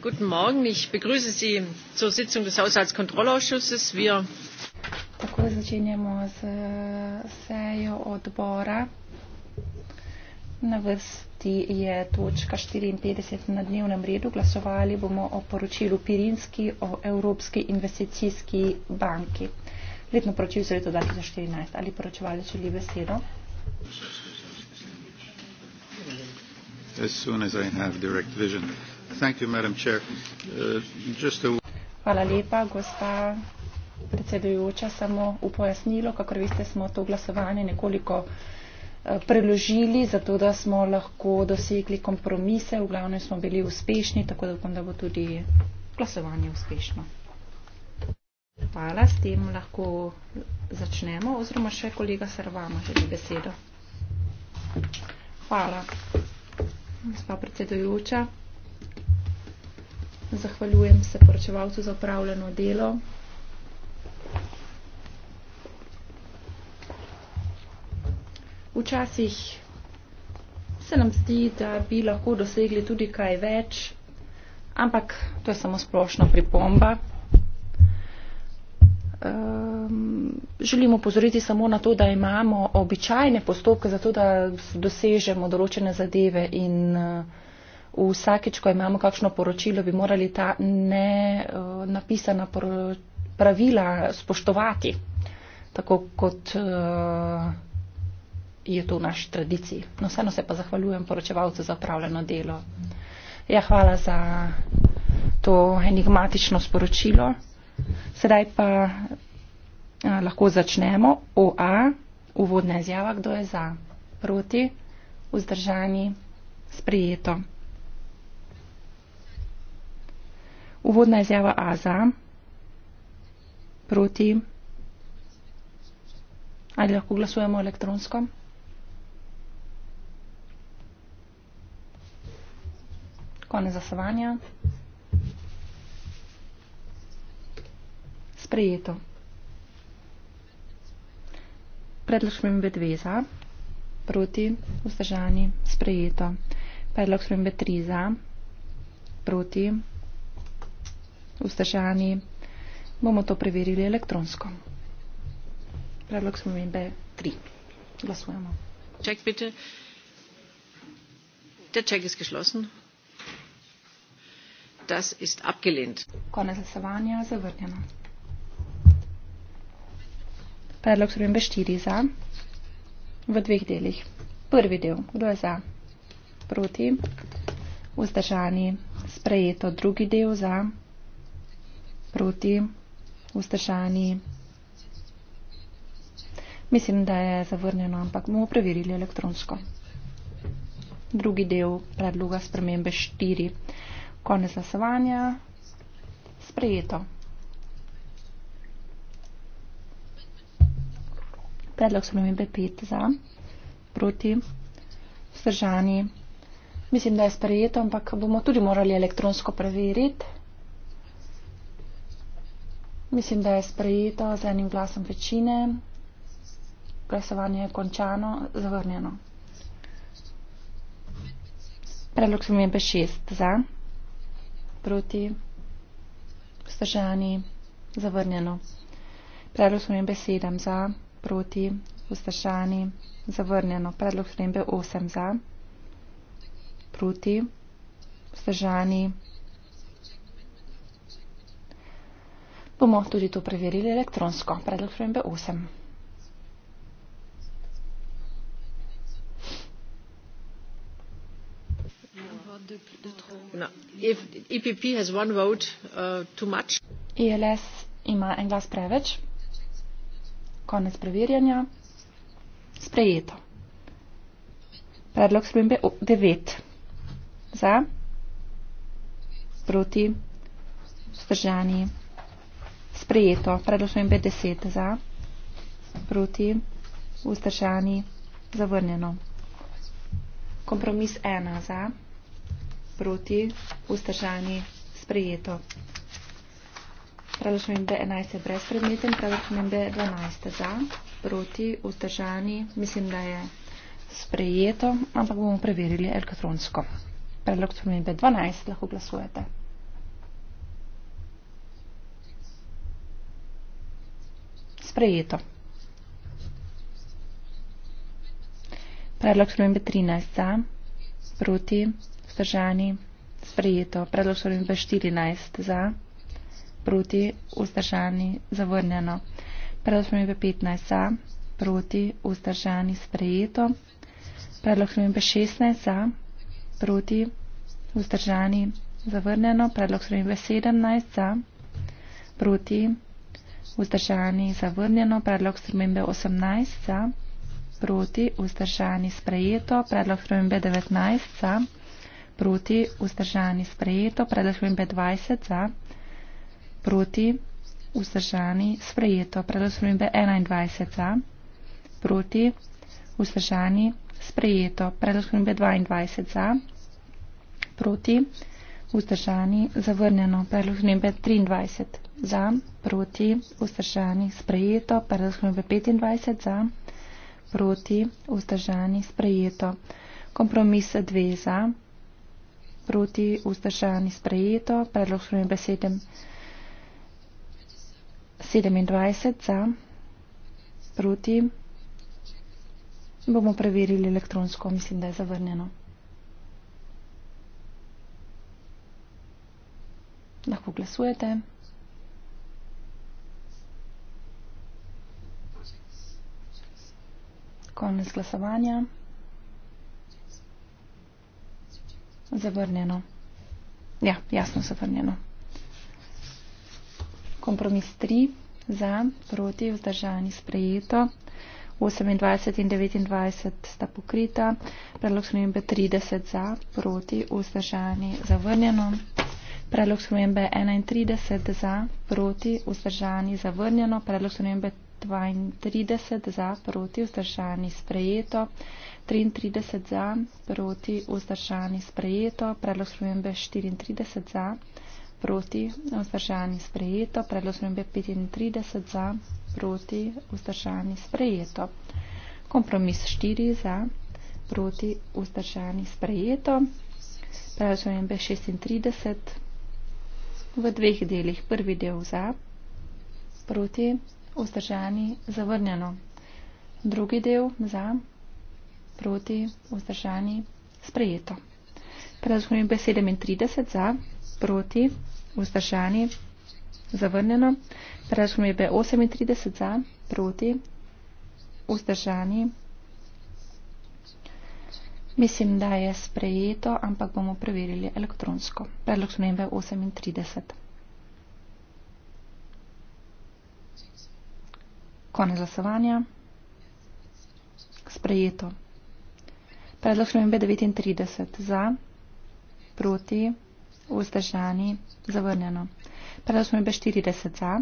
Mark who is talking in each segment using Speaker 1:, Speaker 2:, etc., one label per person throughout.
Speaker 1: guten morgen ich begrüße sie zur sitzung des haushaltskontrollausschusses. wir
Speaker 2: Na vrsti je točka 54 na dnevnem redu. Glasovali bomo o poročilu Pirinski o Evropski investicijski banki. Letno poročilo za leto 2014. Ali poročevali želi besedo?
Speaker 3: As soon as I have direct vision. Uh,
Speaker 2: Hvala lepa, gospa predsedujoča. Samo v pojasnilo, kako veste, smo to glasovanje nekoliko eh, preložili, zato da smo lahko dosegli kompromise. V glavnem smo bili uspešni, tako da upam, da bo tudi glasovanje uspešno. Hvala, s tem lahko začnemo. Oziroma še kolega Sarvama želi besedo. Hvala, gospa predsedujoča. Zahvaljujem se poročevalcu za upravljeno delo. Včasih se nam zdi, da bi lahko dosegli tudi kaj več, ampak to je samo splošna pripomba. Um, ehm, želimo pozoriti samo na to, da imamo običajne postopke za to, da dosežemo določene zadeve in uh, vsakeč, ko imamo kakšno poročilo, bi morali ta ne eh, napisana pravila spoštovati, tako kot eh, je to v naši tradiciji. No, vseeno se pa zahvaljujem poročevalcu za upravljeno delo. Ja, hvala za to enigmatično sporočilo. Sedaj pa a, eh, lahko začnemo. OA, uvodna izjava, kdo je za, proti, vzdržani, sprijeto. Uvodna izjava Aza proti. Ali lahko glasujemo elektronsko? Konec zasavanja. Sprejeto. Predlog spremembe 2 za, proti, vzdržani, sprejeto. Predlog spremembe 3 za, proti, vzdržani vzdržani, bomo to preverili elektronsko. Predlog spremembe 3. Glasujemo. Ček, bitte.
Speaker 1: Der Ček je geschlossen. Das
Speaker 2: ist abgelehnt. Konec glasovanja zavrnjeno. Predlog spremembe 4 za. V dveh delih. Prvi del. Kdo je za? Proti. Vzdržani. Sprejeto drugi del za proti ustrašani. Mislim, da je zavrnjeno, ampak bomo preverili elektronsko. Drugi del predloga spremembe 4. Konec glasovanja. Sprejeto. Predlog spremembe 5 za, proti, vzdržani. Mislim, da je sprejeto, ampak bomo tudi morali elektronsko preveriti. Mislim, da je sprejeto z enim glasom večine. Glasovanje je končano, zavrnjeno. Predlog sem imel 6 za, proti, vzdržani, zavrnjeno. Predlog sem imel 7 za, proti, vzdržani, zavrnjeno. Predlog sem imel 8 za, proti, vzdržani, bomo tudi to preverili elektronsko. Predlog spremembe 8.
Speaker 1: No. E uh,
Speaker 2: ILS e ima en glas preveč. Konec preverjanja. Sprejeto. Predlog spremembe 9. Za. Proti. Vzdržani sprejeto. Predložujem 50 za, proti, vzdržani, zavrnjeno. Kompromis 1 za, proti, vzdržani, sprejeto. Predložujem B11 je brezpredmeten, predložujem B12 za, proti, vzdržani, mislim, da je sprejeto, ampak bomo preverili elektronsko. Predlog B12 lahko glasujete. sprejeto. Predlog spremembe 13 za, proti, vzdržani, sprejeto. Predlog spremembe 14 za, proti, vzdržani, zavrnjeno. Predlog spremembe 15 za, proti, vzdržani, sprejeto. Predlog spremembe 16 za, proti, vzdržani, zavrnjeno. Predlog spremembe 17 za, proti, vzdržani, zavrnjeno. Vzdržani zavrnjeno. Predlog spremembe 18 za. Proti. Vzdržani sprejeto. Predlog spremembe 19 za. Proti. Vzdržani sprejeto. Predlog spremembe 20 za. Proti. Vzdržani sprejeto. Predlog spremembe 21 za. Proti. Vzdržani sprejeto. Predlog spremembe 22 za. Proti. Vzdržani zavrnjeno. Predlog spremembe 23 za, proti, vzdržani, sprejeto, pa razhodimo v 25 za, proti, vzdržani, sprejeto. Kompromis 2 za, proti, vzdržani, sprejeto, predlog spremembe 27 za, proti. Bomo preverili elektronsko, mislim, da je zavrnjeno. Lahko glasujete. Konec glasovanja. Zavrnjeno. Ja, jasno zavrnjeno. Kompromis 3 za, proti, vzdržani sprejeto. 28 in 29 sta pokrita. Predlog spremembe 30 za, proti, vzdržani zavrnjeno. Predlog spremembe 31 za, proti, vzdržani zavrnjeno. Predlog spremembe 30. 32 za, proti vzdržani sprejeto, 33 za, proti vzdržani sprejeto, predlog službe 34 za, proti vzdržani sprejeto, predlog službe 35 za, proti vzdržani sprejeto. Kompromis 4 za, proti vzdržani sprejeto, predlog službe 36 v dveh delih, prvi del za, proti vzdržani sprejeto vzdržani, zavrnjeno. Drugi del za, proti, vzdržani, sprejeto. Prezgodim B37 za, proti, vzdržani, zavrnjeno. Prezgodim B38 za, proti, vzdržani. Mislim, da je sprejeto, ampak bomo preverili elektronsko. Predlog sprememb 38. Konec glasovanja. Sprejeto. Predlog šlo 39. Za, proti, vzdržani, zavrnjeno. Predlog šlo 40. Za,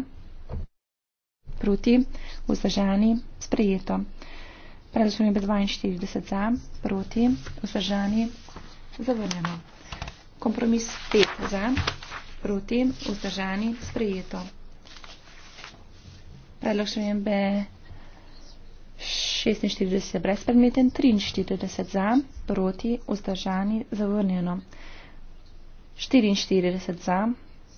Speaker 2: proti, vzdržani, sprejeto. Predlog šlo 42. Za, proti, vzdržani, zavrnjeno. Kompromis 5. Za, proti, vzdržani, sprejeto predlog spremembe 46 brezpredmeten, 43 za, proti, vzdržani, zavrnjeno. 44 za,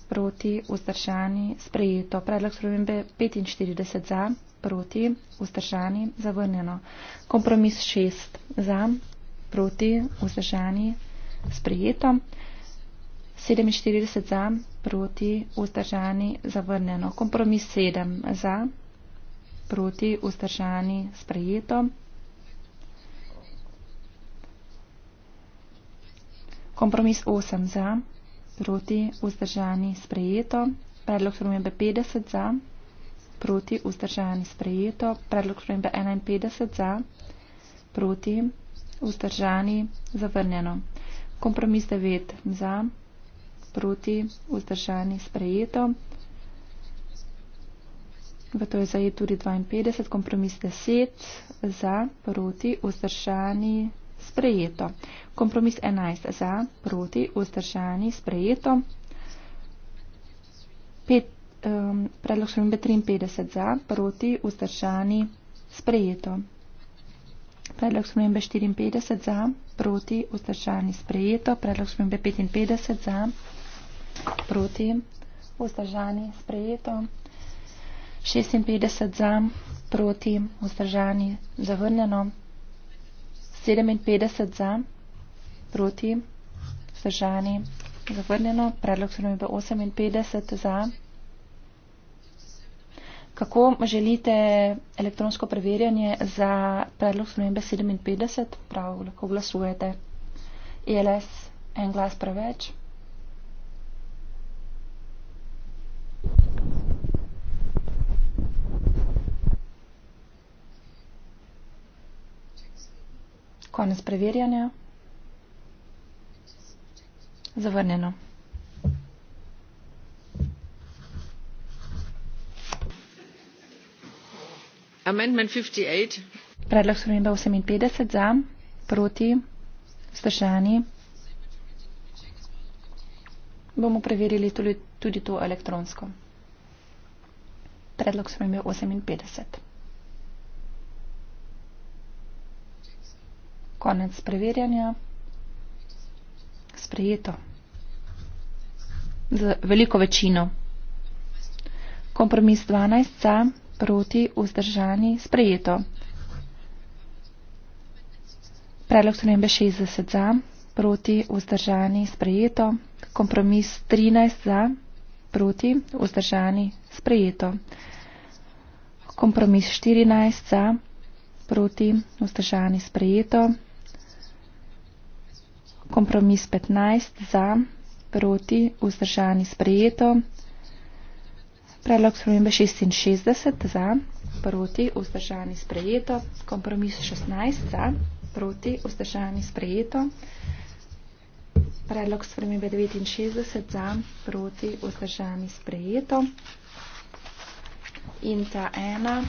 Speaker 2: proti, vzdržani, sprejeto. Predlog spremembe 45 za, proti, vzdržani, zavrnjeno. Kompromis 6 za, proti, vzdržani, sprejeto. 47 za, proti, vzdržani, zavrnjeno. Kompromis 7 za, proti, vzdržani, sprejeto. Kompromis 8 za, proti, vzdržani, sprejeto. Predlog spremembe 50 za, proti, vzdržani, sprejeto. Predlog spremembe 51 za, proti, vzdržani, zavrnjeno. Kompromis 9 za, proti, vzdržani, sprejeto proti, vzdržani, sprejeto. V to je zajed tudi 52, kompromis 10, za, proti, vzdržani, sprejeto. Kompromis 11, za, proti, vzdržani, sprejeto. Pet, um, predlog šolimbe 53, za, proti, vzdržani, sprejeto. Predlog spremembe 54 za, proti, vzdržani, sprejeto. Predlog spremembe 55 za. Proti. Vzdržani. Sprejeto. 56 za. Proti. Vzdržani. Zavrnjeno. 57 za. Proti. Vzdržani. Zavrnjeno. Predlog se nam je 58 za. Kako želite elektronsko preverjanje za predlog spremembe 57? Prav, lahko glasujete. ELS, en glas preveč. Konec preverjanja. Zavrnjeno.
Speaker 1: Amendment 58.
Speaker 2: Predlog sprememba 58 za, proti, vzdržani. Bomo preverili tudi, tudi to elektronsko. Predlog sprememba 58. Konec preverjanja. Sprejeto. Z veliko večino. Kompromis 12 za, proti, vzdržani, sprejeto. Predlog spremembe 60 za, proti, vzdržani, sprejeto. Kompromis 13 za, proti, vzdržani, sprejeto. Kompromis 14 za, proti, vzdržani, sprejeto. Kompromis 15 za, proti, vzdržani sprejeto. Predlog spremembe 66 za, proti, vzdržani sprejeto. Kompromis 16 za, proti, vzdržani sprejeto. Predlog spremembe 69 za, proti, vzdržani sprejeto. In ta ena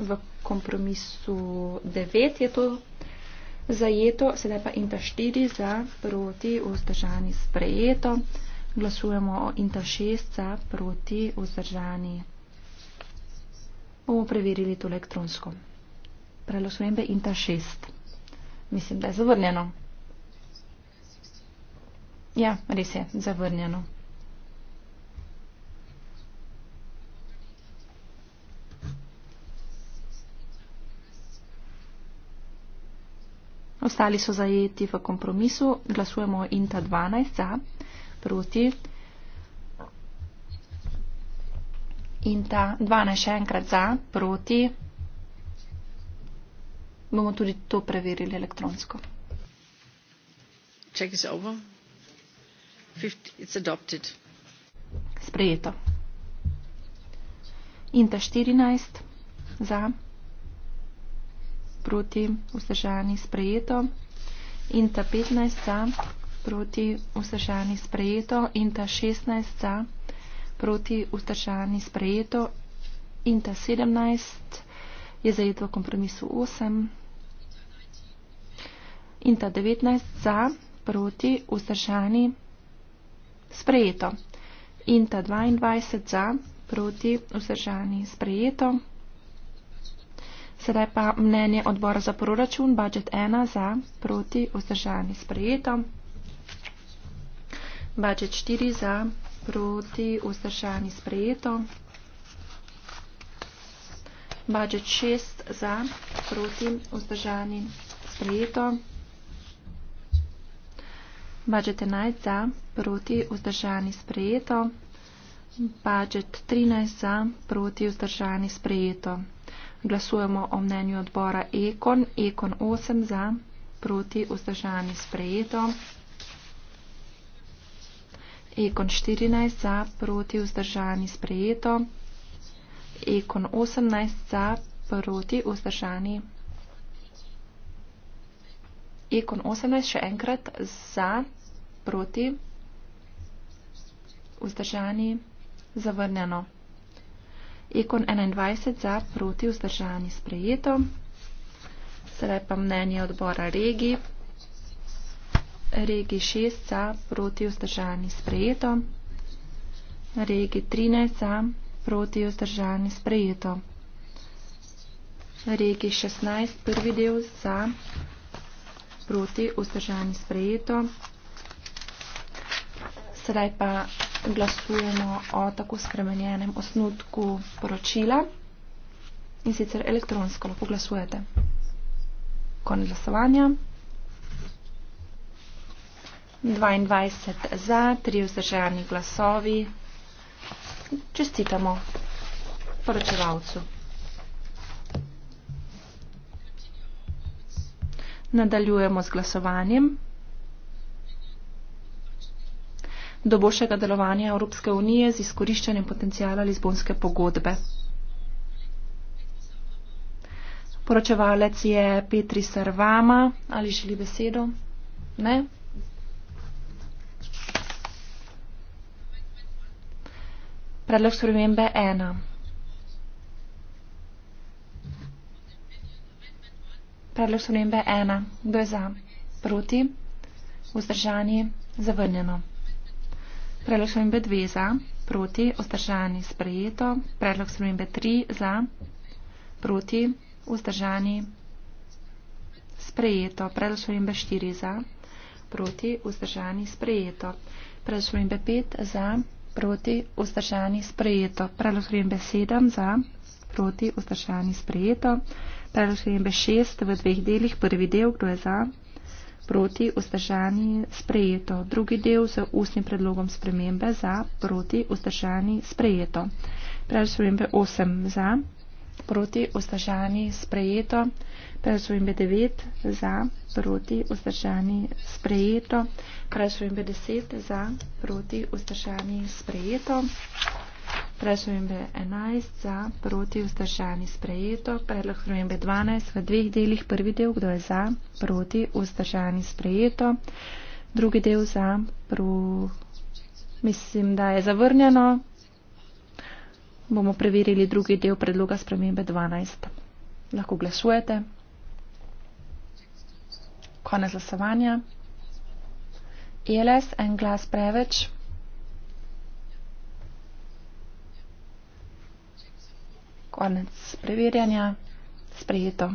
Speaker 2: v kompromisu 9 je to zajeto, sedaj pa INTA 4 za, proti, vzdržani, sprejeto. Glasujemo o INTA 6 za, proti, vzdržani. Bomo preverili to elektronsko. Prelosujem be INTA 6. Mislim, da je zavrnjeno. Ja, res je, zavrnjeno. ostali so zajeti v kompromisu. Glasujemo INTA 12 za, proti. INTA 12 še enkrat za, proti. Bomo tudi to preverili elektronsko.
Speaker 1: Check is over. 50, it's adopted.
Speaker 2: Sprejeto. INTA 14 za proti vzdržani sprejeto in ta 15 proti vzdržani sprejeto in ta 16 proti vzdržani sprejeto in ta 17 je zajet v kompromisu 8 in ta 19 za proti vzdržani sprejeto in ta 22 za proti vzdržani sprejeto. Sedaj pa mnenje odbora za proračun, budžet 1 za, proti, vzdržani, sprejeto. Budžet 4 za, proti, vzdržani, sprejeto. Budžet 6 za, proti, vzdržani, sprejeto. Budžet 11 za, proti, vzdržani, sprejeto. Budžet 13 za, proti, vzdržani, sprejeto. Glasujemo o mnenju odbora Ekon. Ekon 8 za, proti vzdržani sprejeto. Ekon 14 za, proti vzdržani sprejeto. Ekon 18 za, proti vzdržani. Ekon 18 še enkrat za, proti vzdržani. Zavrnjeno. Ekon 21 za proti vzdržani sprejeto. Sedaj pa mnenje odbora regij. Regi 6 za proti vzdržani sprejeto. Regi 13 za proti vzdržani sprejeto. Regi 16 prvi del za proti vzdržani sprejeto. Sedaj pa glasujemo o tako spremenjenem osnutku poročila in sicer elektronsko lahko glasujete. Kon glasovanja. 22 za, 3 vzdržani glasovi. Čestitamo poročevalcu. Nadaljujemo z glasovanjem. do boljšega delovanja Evropske unije z izkoriščanjem potencijala Lizbonske pogodbe. Poročevalec je Petri Servama. Ali želi besedo? Ne? Predlog spremembe ena. Predlog spremembe ena. Kdo je za? Proti? Vzdržanje? Zavrnjeno. Predlog spremembe 2 za, proti, vzdržani, sprejeto. Predlog spremembe 3 za, proti, vzdržani, sprejeto. Predlog spremembe 4 za, proti, vzdržani, sprejeto. Predlog spremembe 5 za, proti, vzdržani, sprejeto. Predlog spremembe 7 za, proti, vzdržani, sprejeto. Predlog spremembe 6 v dveh delih, prvi del, kdo je za, proti vzdržani sprejeto. Drugi del z ustnim predlogom spremembe za proti vzdržani sprejeto. Predlog spremembe 8 za proti vzdržani sprejeto. Predlog spremembe 9 za proti vzdržani sprejeto. Predlog spremembe 10 za proti vzdržani sprejeto spremembe 11 za, proti vzdržani sprejeto, predlog spremembe 12 v dveh delih, prvi del, kdo je za, proti vzdržani sprejeto, drugi del za, pro... mislim, da je zavrnjeno, bomo preverili drugi del predloga spremembe 12. Lahko glasujete. Konec glasovanja. ILS, e en glas preveč. Konec preverjanja. Sprejeto.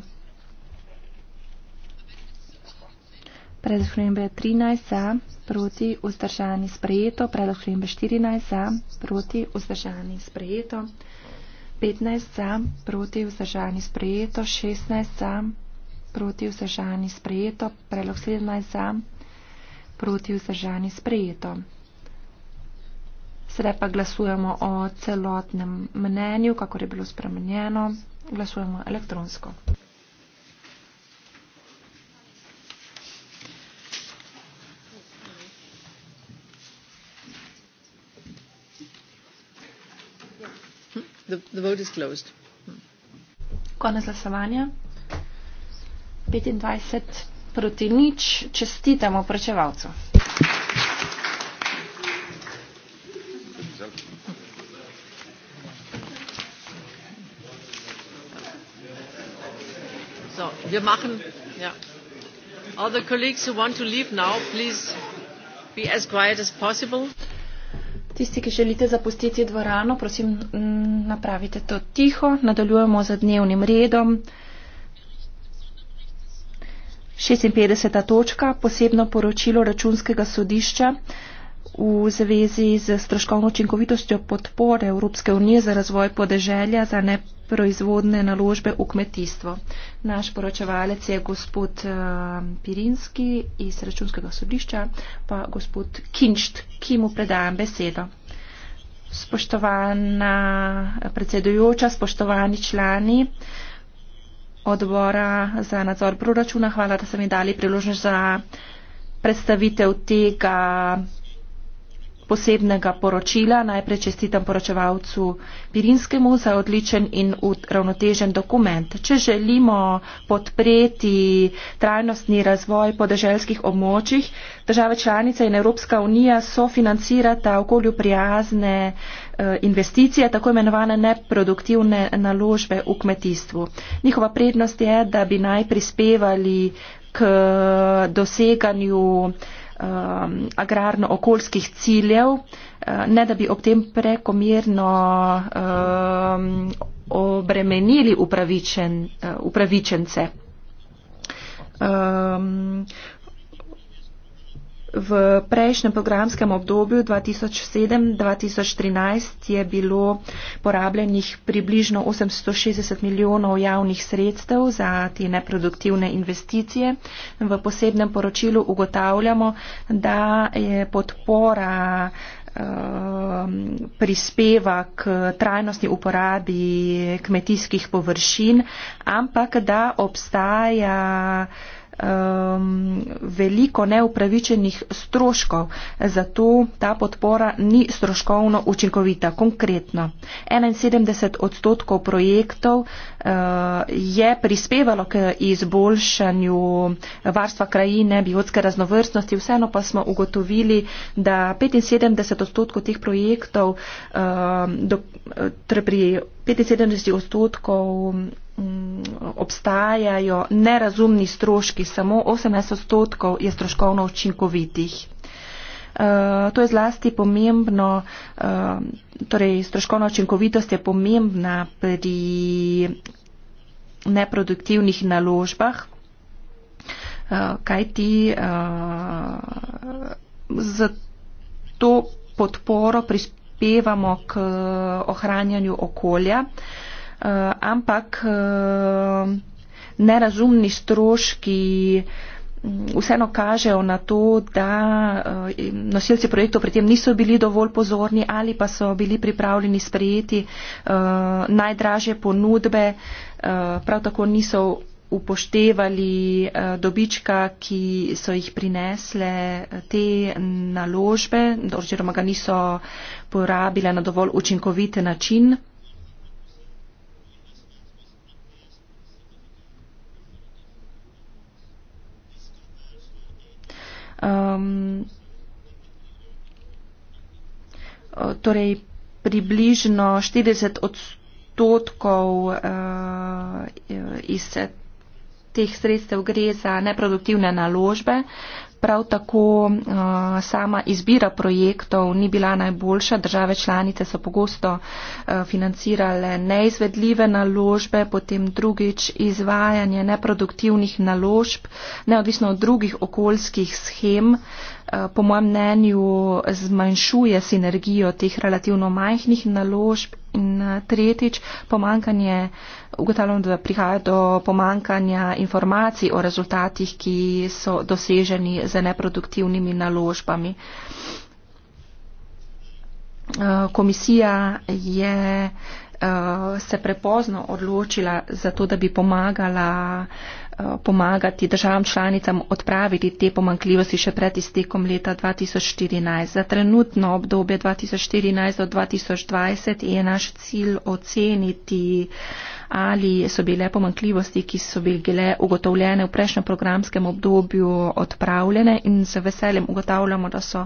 Speaker 2: Predlog šlembe 13 za, proti vzdržani sprejeto. Predlog šlembe 14 za, proti vzdržani sprejeto. 15 za, proti vzdržani sprejeto. 16 za, proti vzdržani sprejeto. Predlog 17 za, proti vzdržani sprejeto. Sedaj pa glasujemo o celotnem mnenju, kako je bilo spremenjeno. Glasujemo elektronsko.
Speaker 1: The, the
Speaker 2: Konec glasovanja. 25 proti nič. Čestitamo pročevalcu.
Speaker 1: Wir machen. Ja. All the colleagues who want to leave now, please be as quiet as possible.
Speaker 2: Tisti, ki želite zapustiti dvorano, prosim, napravite to tiho. Nadaljujemo z dnevnim redom. 56. točka, posebno poročilo računskega sodišča v zvezi z stroškovno učinkovitostjo podpore Evropske unije za razvoj podeželja za neproizvodne naložbe v kmetijstvo. Naš poročevalec je gospod eh, Pirinski iz Računskega sodišča, pa gospod Kinčt, ki mu predajam besedo. Spoštovana predsedujoča, spoštovani člani odbora za nadzor proračuna, hvala, da ste mi dali priložnost za predstavitev tega posebnega poročila. Najprej čestitam poročevalcu Pirinskemu za odličen in uravnotežen dokument. Če želimo podpreti trajnostni razvoj podeželskih območjih, države članice in Evropska unija sofinancirata okolju prijazne eh, investicije, tako imenovane neproduktivne naložbe v kmetijstvu. Njihova prednost je, da bi naj prispevali k doseganju um, agrarno-okoljskih ciljev, uh, ne da bi ob tem prekomerno um, obremenili upravičen, uh, upravičence. Um, V prejšnjem programskem obdobju 2007-2013 je bilo porabljenih približno 860 milijonov javnih sredstev za te neproduktivne investicije. V posebnem poročilu ugotavljamo, da je podpora ehm, prispeva k trajnostni uporabi kmetijskih površin, ampak da obstaja um, veliko neupravičenih stroškov, zato ta podpora ni stroškovno učinkovita. Konkretno, 71 odstotkov projektov uh, je prispevalo k izboljšanju varstva krajine, biotske raznovrstnosti, vseeno pa smo ugotovili, da 75 odstotkov teh projektov uh, do, uh, torej pri 75 odstotkov Mm, obstajajo nerazumni stroški, samo 18 odstotkov je stroškovno učinkovitih. Uh, to je zlasti pomembno, uh, torej stroškovna učinkovitost je pomembna pri neproduktivnih naložbah, uh, eh, kaj ti uh, za to podporo prispevamo k ohranjanju okolja. Uh, Eh, ampak eh, nerazumni stroški mm, vseeno kažejo na to, da eh, nosilci projektov pri tem niso bili dovolj pozorni ali pa so bili pripravljeni sprejeti najdraže ponudbe, prav tako niso upoštevali dobička, ki so jih prinesle te naložbe, oziroma ga niso porabile na dovolj učinkovite načine. um, torej približno 40 odstotkov uh, iz teh sredstev gre za neproduktivne naložbe, Prav tako eh, sama izbira projektov ni bila najboljša. Države članice so pogosto eh, financirale neizvedljive naložbe, potem drugič izvajanje neproduktivnih naložb, neodvisno od drugih okoljskih schem. Eh, po mojem mnenju zmanjšuje sinergijo teh relativno majhnih naložb. In eh, tretjič, pomankanje, ugotavljam, da prihaja do pomankanja informacij o rezultatih, ki so doseženi z neproduktivnimi naložbami. Eh, komisija je se prepozno odločila za to, da bi pomagala uh, Eh, pomagati državam članicam odpraviti te pomankljivosti še pred iztekom leta 2014. Za trenutno obdobje 2014 do 2020 je naš cilj oceniti ali so bile pomankljivosti, ki so bile ugotovljene v prejšnjem programskem obdobju, odpravljene in z veseljem ugotavljamo, da so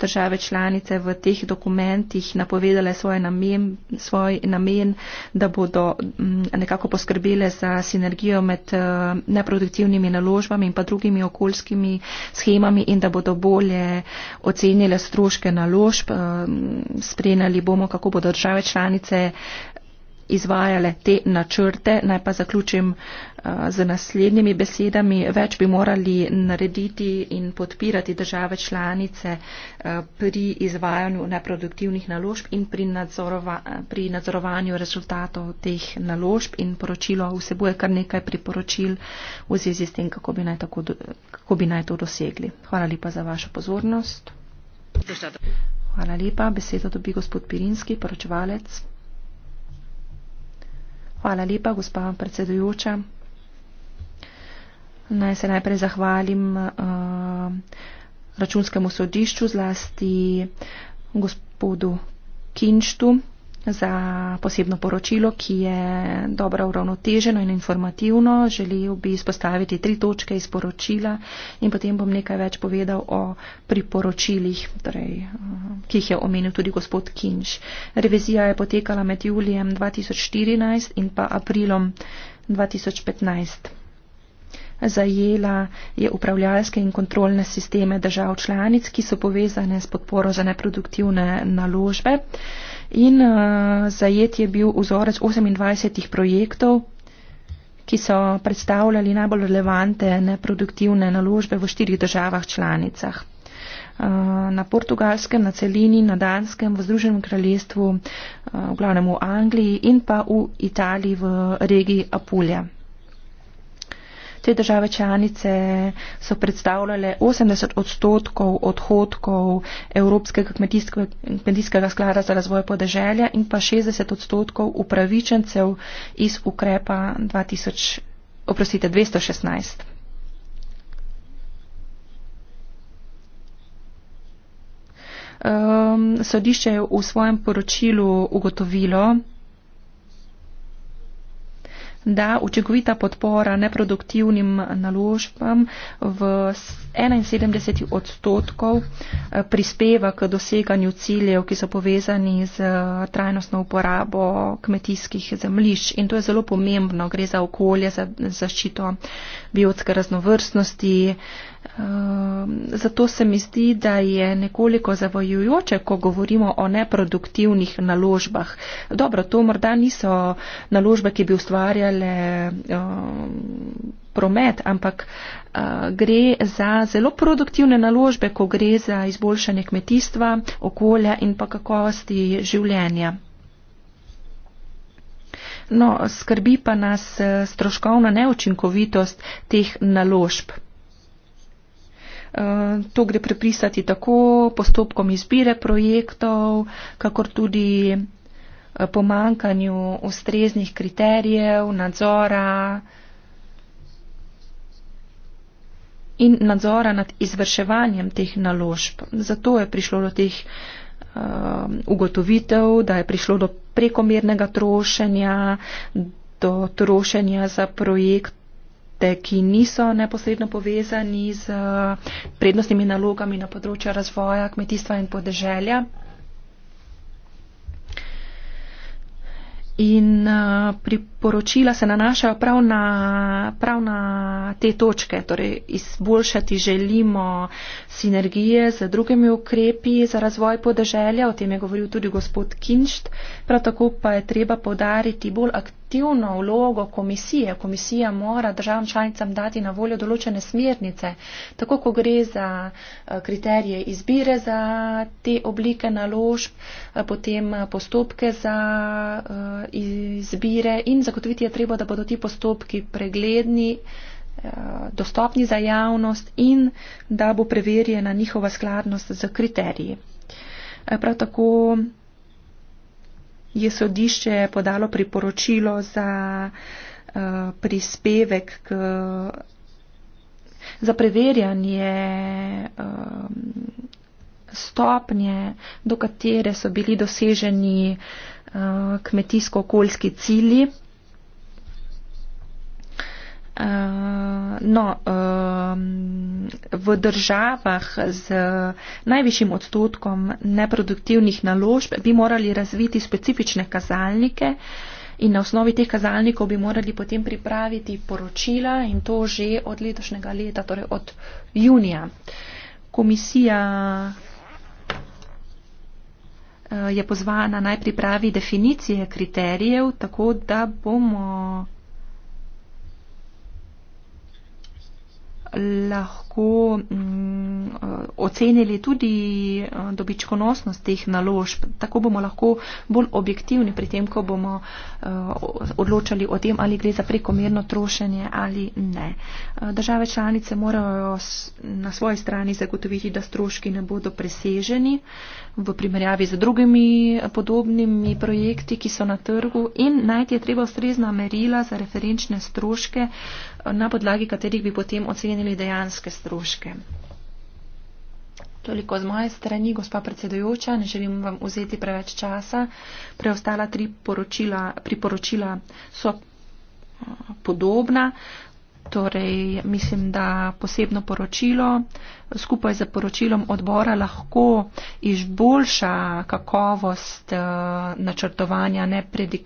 Speaker 2: države članice v teh dokumentih napovedale svoje namen, svoj namen, da bodo mm, nekako poskrbele za sinergijo med eh, neproduktivnimi naložbami in pa drugimi okoljskimi schemami in da bodo bolje ocenile stroške naložb. Eh, mm, Sprejeli bomo, kako bodo države članice izvajale te načrte. Naj pa zaključim uh, z naslednjimi besedami. Več bi morali narediti in podpirati države članice uh, pri izvajanju neproduktivnih naložb in pri, nadzorova, pri nadzorovanju rezultatov teh naložb in poročilo vsebuje kar nekaj priporočil v zvezi s tem, kako bi naj, tako, kako bi naj to dosegli. Hvala lepa za vašo pozornost. Hvala lepa. Besedo dobi gospod Pirinski, poročevalec. Hvala lepa, gospa predsedujoča. Naj se najprej zahvalim uh, računskemu sodišču, zlasti gospodu Kinštu za posebno poročilo, ki je dobro uravnoteženo in informativno. Želel bi izpostaviti tri točke iz poročila in potem bom nekaj več povedal o priporočilih, torej, eh, ki jih je omenil tudi gospod Kinš. Revizija je potekala med julijem 2014 in pa aprilom 2015 zajela je upravljalske in kontrolne sisteme držav članic, ki so povezane s podporo za neproduktivne naložbe. In uh, zajet je bil vzorec 28 projektov, ki so predstavljali najbolj relevante neproduktivne naložbe v štirih državah članicah. Eh, na portugalskem, na celini, na danskem, v Združenem kraljestvu, eh, v glavnem v Angliji in pa v Italiji v regiji Apulja. Te države članice so predstavljale 80 odstotkov odhodkov Evropskega kmetijskega, kmetijskega sklada za razvoj podeželja in pa 60 odstotkov upravičencev iz ukrepa 2000, oprostite, 216. Um, ehm, sodišče je v svojem poročilu ugotovilo, da učinkovita podpora neproduktivnim naložbam v 71 odstotkov eh, prispeva k doseganju ciljev, ki so povezani z eh, trajnostno uporabo kmetijskih zemljišč. In to je zelo pomembno. Gre za okolje, za zaščito biotske raznovrstnosti. Eh, zato se mi zdi, da je nekoliko zavojujoče, ko govorimo o neproduktivnih naložbah. Dobro, to morda niso naložbe, ki bi ustvarjali le um, eh, promet, ampak uh, gre za zelo produktivne naložbe, ko gre za izboljšanje kmetijstva, okolja in pa kakovosti življenja. No, skrbi pa nas eh, stroškovna neučinkovitost teh naložb. To gre pripisati tako postopkom izbire projektov, kakor tudi Eh, pomankanju ustreznih kriterijev, nadzora in nadzora nad izvrševanjem teh naložb. Zato je prišlo do teh eh, ugotovitev, da je prišlo do prekomernega trošenja, do trošenja za projekte, ki niso neposredno povezani z eh, prednostnimi nalogami na področju razvoja kmetijstva in podeželja. In uh, priporočila se nanašajo prav na, prav na te točke, torej izboljšati želimo sinergije z drugimi ukrepi za razvoj podeželja, o tem je govoril tudi gospod Kinšt, prav tako pa je treba podariti bolj aktivno vlogo komisije. Komisija mora državam članicam dati na voljo določene smernice, tako ko gre za eh, kriterije izbire za te oblike naložb, eh, potem eh, postopke za izbire in zagotoviti je treba, da bodo ti postopki pregledni. Eh, dostopni za javnost in da bo preverjena njihova skladnost z kriteriji. Eh, prav tako je sodišče podalo priporočilo za eh, prispevek k, za preverjanje stopnje, do katere so bili doseženi kmetijsko-okoljski cilji. Eh, no, v državah z najvišjim odstotkom neproduktivnih naložb bi morali razviti specifične kazalnike in na osnovi teh kazalnikov bi morali potem pripraviti poročila in to že od letošnjega leta, torej od junija. Komisija eh, je pozvana naj pripravi definicije kriterijev, tako da bomo lahko mm, ocenili tudi eh, dobičkonosnost teh naložb. Tako bomo lahko bolj objektivni pri tem, ko bomo eh, odločali o tem, ali gre za prekomerno trošenje ali ne. Eh, države članice morajo na svoji strani zagotoviti, da stroški ne bodo preseženi v primerjavi z drugimi podobnimi projekti, ki so na trgu in najti je treba ustrezna merila za referenčne stroške, na podlagi katerih bi potem ocenili dejanske stroške. Toliko z moje strani, gospa predsedujoča, ne želim vam vzeti preveč časa. Preostala tri poročila, priporočila so eh, podobna. Uh, Torej, mislim, da posebno poročilo skupaj z poročilom odbora lahko izboljša kakovost eh, načrtovanja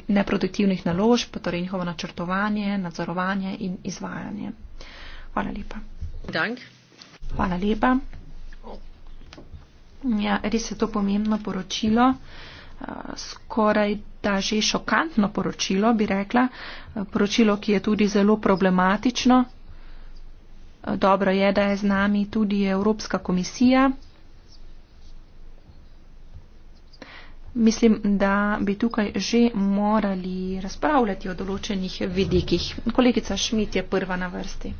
Speaker 2: neproduktivnih naložb, torej njihovo načrtovanje, nadzorovanje in izvajanje. Hvala lepa. Dank. Hvala lepa. Ja, res je to pomembno poročilo skoraj da že šokantno poročilo, bi rekla, poročilo, ki je tudi zelo problematično. Dobro je, da je z nami tudi Evropska komisija. Mislim, da bi tukaj že morali razpravljati o določenih vidikih. Kolegica Šmit je prva na vrsti.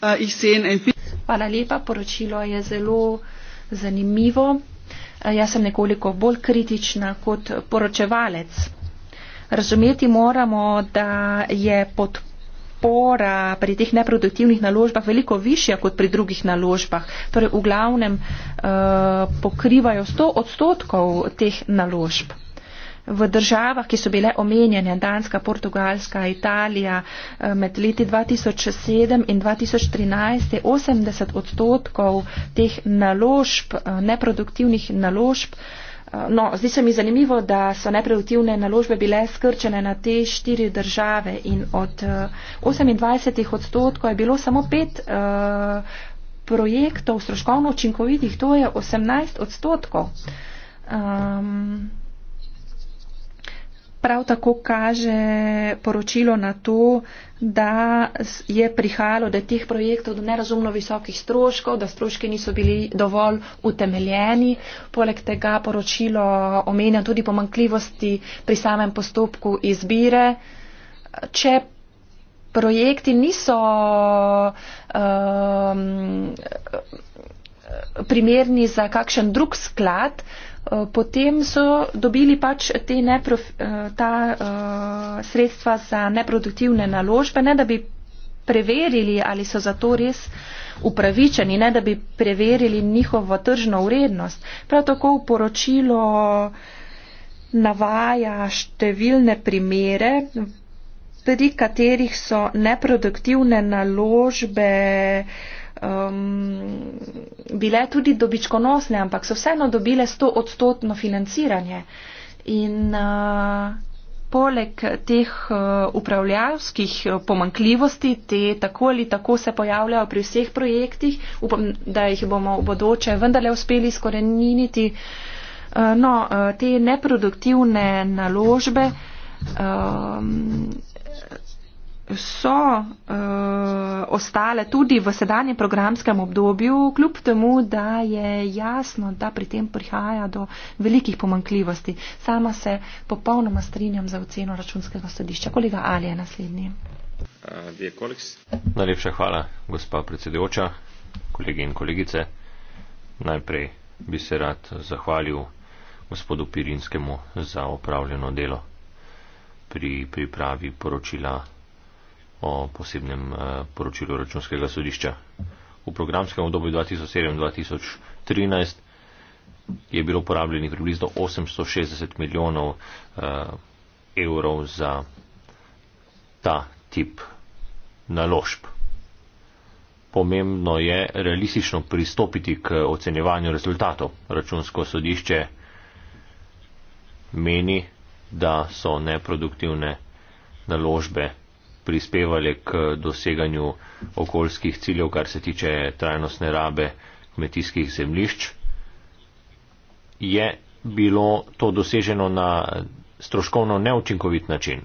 Speaker 2: Uh, Hvala lepa, poročilo je zelo zanimivo jaz sem nekoliko bolj kritična kot poročevalec. Razumeti moramo, da je podpora pri teh neproduktivnih naložbah veliko višja kot pri drugih naložbah. Torej, v glavnem uh, pokrivajo 100 odstotkov teh naložb v državah, ki so bile omenjene, Danska, Portugalska, Italija, eh, med leti 2007 in 2013 je 80 odstotkov teh naložb, eh, neproduktivnih naložb. Eh, no, zdi se mi zanimivo, da so neproduktivne naložbe bile skrčene na te štiri države in od 28 odstotkov je bilo samo pet uh, projektov stroškovno učinkovitih, to je 18 odstotkov. Um, Prav tako kaže poročilo na to, da je prihajalo do teh projektov do nerazumno visokih stroškov, da stroški niso bili dovolj utemeljeni. Poleg tega poročilo omenja tudi pomankljivosti pri samem postopku izbire. Če projekti niso um, primerni za kakšen drug sklad, Eh, potem so dobili pač te neprof, eh, ta uh, sredstva za neproduktivne naložbe, ne da bi preverili, ali so za to res upravičeni, ne da bi preverili njihovo tržno vrednost. Prav tako v poročilo navaja številne primere, pri katerih so neproduktivne naložbe uh, um, bile tudi dobičkonosne, ampak so vseeno dobile 100 odstotno financiranje. In uh, poleg teh uh, upravljavskih uh, pomankljivosti, te tako ali tako se pojavljajo pri vseh projektih, upam, da jih bomo v bodoče vendarle uspeli skoreniniti, uh, no, uh, te neproduktivne naložbe. Uh, so uh, ostale tudi v sedanjem programskem obdobju, kljub temu, da je jasno, da pri tem prihaja do velikih pomankljivosti. Sama se popolnoma strinjam za oceno računskega sodišča. Kolega Ali je naslednji.
Speaker 3: Uh, Najlepša hvala, gospa predsedujoča, kolegi in kolegice. Najprej bi se rad zahvalil gospodu Pirinskemu za opravljeno delo pri pripravi poročila o posebnem eh, poročilu računskega sodišča. V programskem obdobju 2007-2013 je bilo porabljenih približno 860 milijonov eh, evrov za ta tip naložb. Pomembno je realistično pristopiti k ocenjevanju rezultatov. Računsko sodišče meni, da so neproduktivne naložbe prispevali k doseganju okoljskih ciljev, kar se tiče trajnostne rabe kmetijskih zemlišč. Je bilo to doseženo na stroškovno neučinkovit način.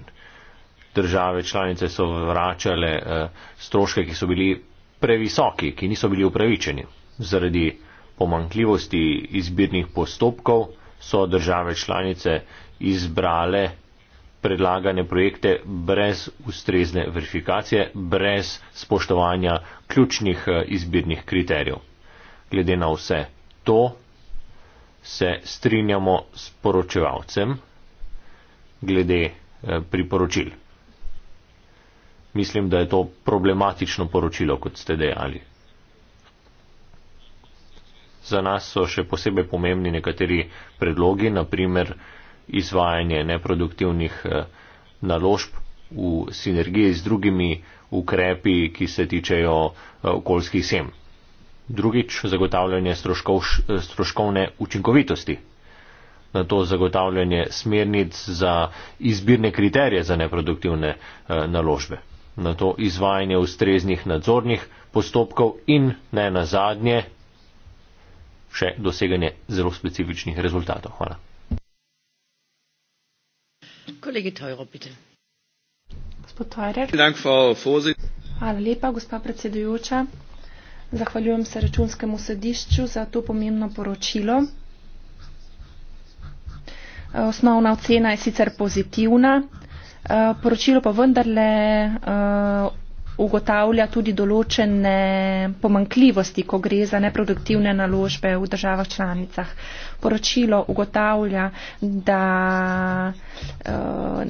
Speaker 3: Države članice so vračale eh, stroške, ki so bili previsoki, ki niso bili upravičeni. Zaradi pomankljivosti izbirnih postopkov so države članice izbrale predlagane projekte brez ustrezne verifikacije, brez spoštovanja ključnih eh, izbirnih kriterijev. Glede na vse to se strinjamo s poročevalcem glede eh, priporočil. Mislim, da je to problematično poročilo, kot ste dejali. Za nas so še posebej pomembni nekateri predlogi, naprimer, izvajanje neproduktivnih eh, naložb v sinergiji z drugimi ukrepi, ki se tičejo eh, okoljskih sem. Drugič, zagotavljanje stroškov, eh, stroškovne učinkovitosti. Na to zagotavljanje smernic za izbirne kriterije za neproduktivne naložbe. Na to izvajanje ustreznih nadzornih postopkov in ne na zadnje še doseganje zelo specifičnih rezultatov. Hvala.
Speaker 1: Kolege Teurer, bitte. Gospod
Speaker 2: Teurer. Hvala lepa, gospa predsedujoča. Zahvaljujem se računskemu sodišču za to pomembno poročilo. Osnovna ocena je sicer pozitivna, poročilo pa vendarle eh, ugotavlja tudi določene pomankljivosti, ko gre za neproduktivne naložbe v državah članicah. Poročilo ugotavlja, da uh,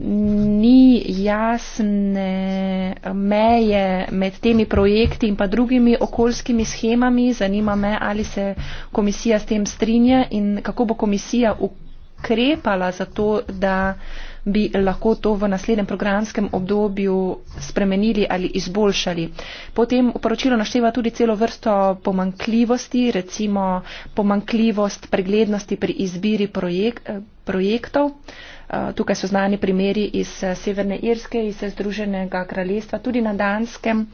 Speaker 2: ni jasne meje med temi projekti in pa drugimi okoljskimi schemami. Zanima me, ali se komisija s tem strinja in kako bo komisija ukrepala za to, da uh, bi lahko to v naslednjem programskem obdobju spremenili ali izboljšali. Potem poročilo našteva tudi celo vrsto pomankljivosti, recimo pomankljivost preglednosti pri izbiri projek projektov. Eh, tukaj so znani primeri iz eh, Severne Irske, iz eh, Združenega kraljestva, tudi na Danskem.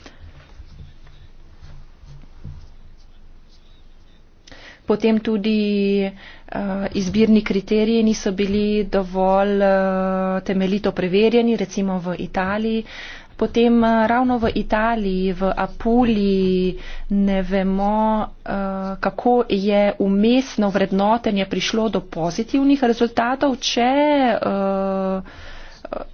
Speaker 2: Potem tudi uh, izbirni kriteriji niso bili dovolj uh, temeljito preverjeni, recimo v Italiji. Potem uh, ravno v Italiji, v Apuliji, ne vemo, uh, kako je umestno vrednotenje prišlo do pozitivnih rezultatov, če. Uh,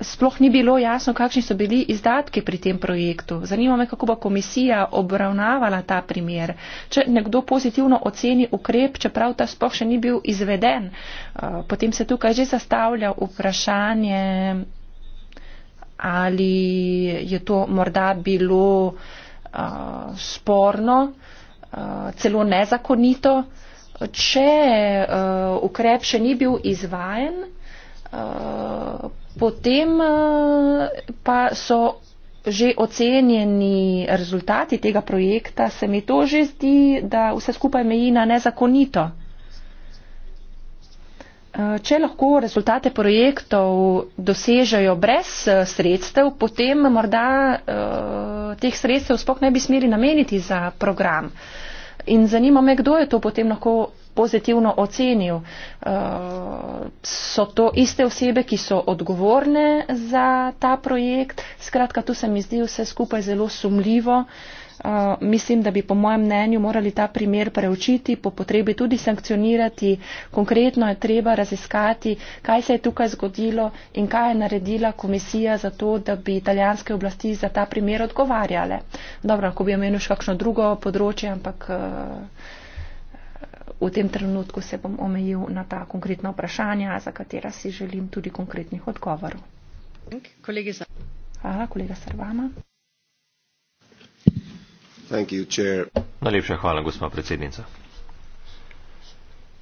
Speaker 2: sploh ni bilo jasno, kakšni so bili izdatki pri tem projektu. Zanima me, kako bo komisija obravnavala ta primer. Če nekdo pozitivno oceni ukrep, čeprav ta sploh še ni bil izveden, eh, potem se tukaj že zastavlja vprašanje, ali je to morda bilo eh, sporno, eh, celo nezakonito. Če uh, ukrep še ni bil izvajen, uh, Potem eh, pa so že ocenjeni rezultati tega projekta, se mi to že zdi, da vse skupaj meji na nezakonito. Eh, če lahko rezultate projektov dosežejo brez eh, sredstev, potem morda teh sredstev spok ne bi smeli nameniti za program. In zanima me, kdo je to potem lahko pozitivno ocenil. Eh, so to iste osebe, ki so odgovorne za ta projekt. Skratka, tu se mi zdi vse skupaj zelo sumljivo. Eh, mislim, da bi po mojem mnenju morali ta primer preučiti, po potrebi tudi sankcionirati. Konkretno je treba raziskati, kaj se je tukaj zgodilo in kaj je naredila komisija za to, da bi italijanske oblasti za ta primer odgovarjale. Dobro, lahko bi omenil še kakšno drugo področje, ampak. Uh, v tem trenutku se bom omejil na ta konkretna vprašanja, za katera si želim tudi konkretnih odgovorov. Hvala, kolega Srvama.
Speaker 3: Najlepša hvala, gospa predsednica.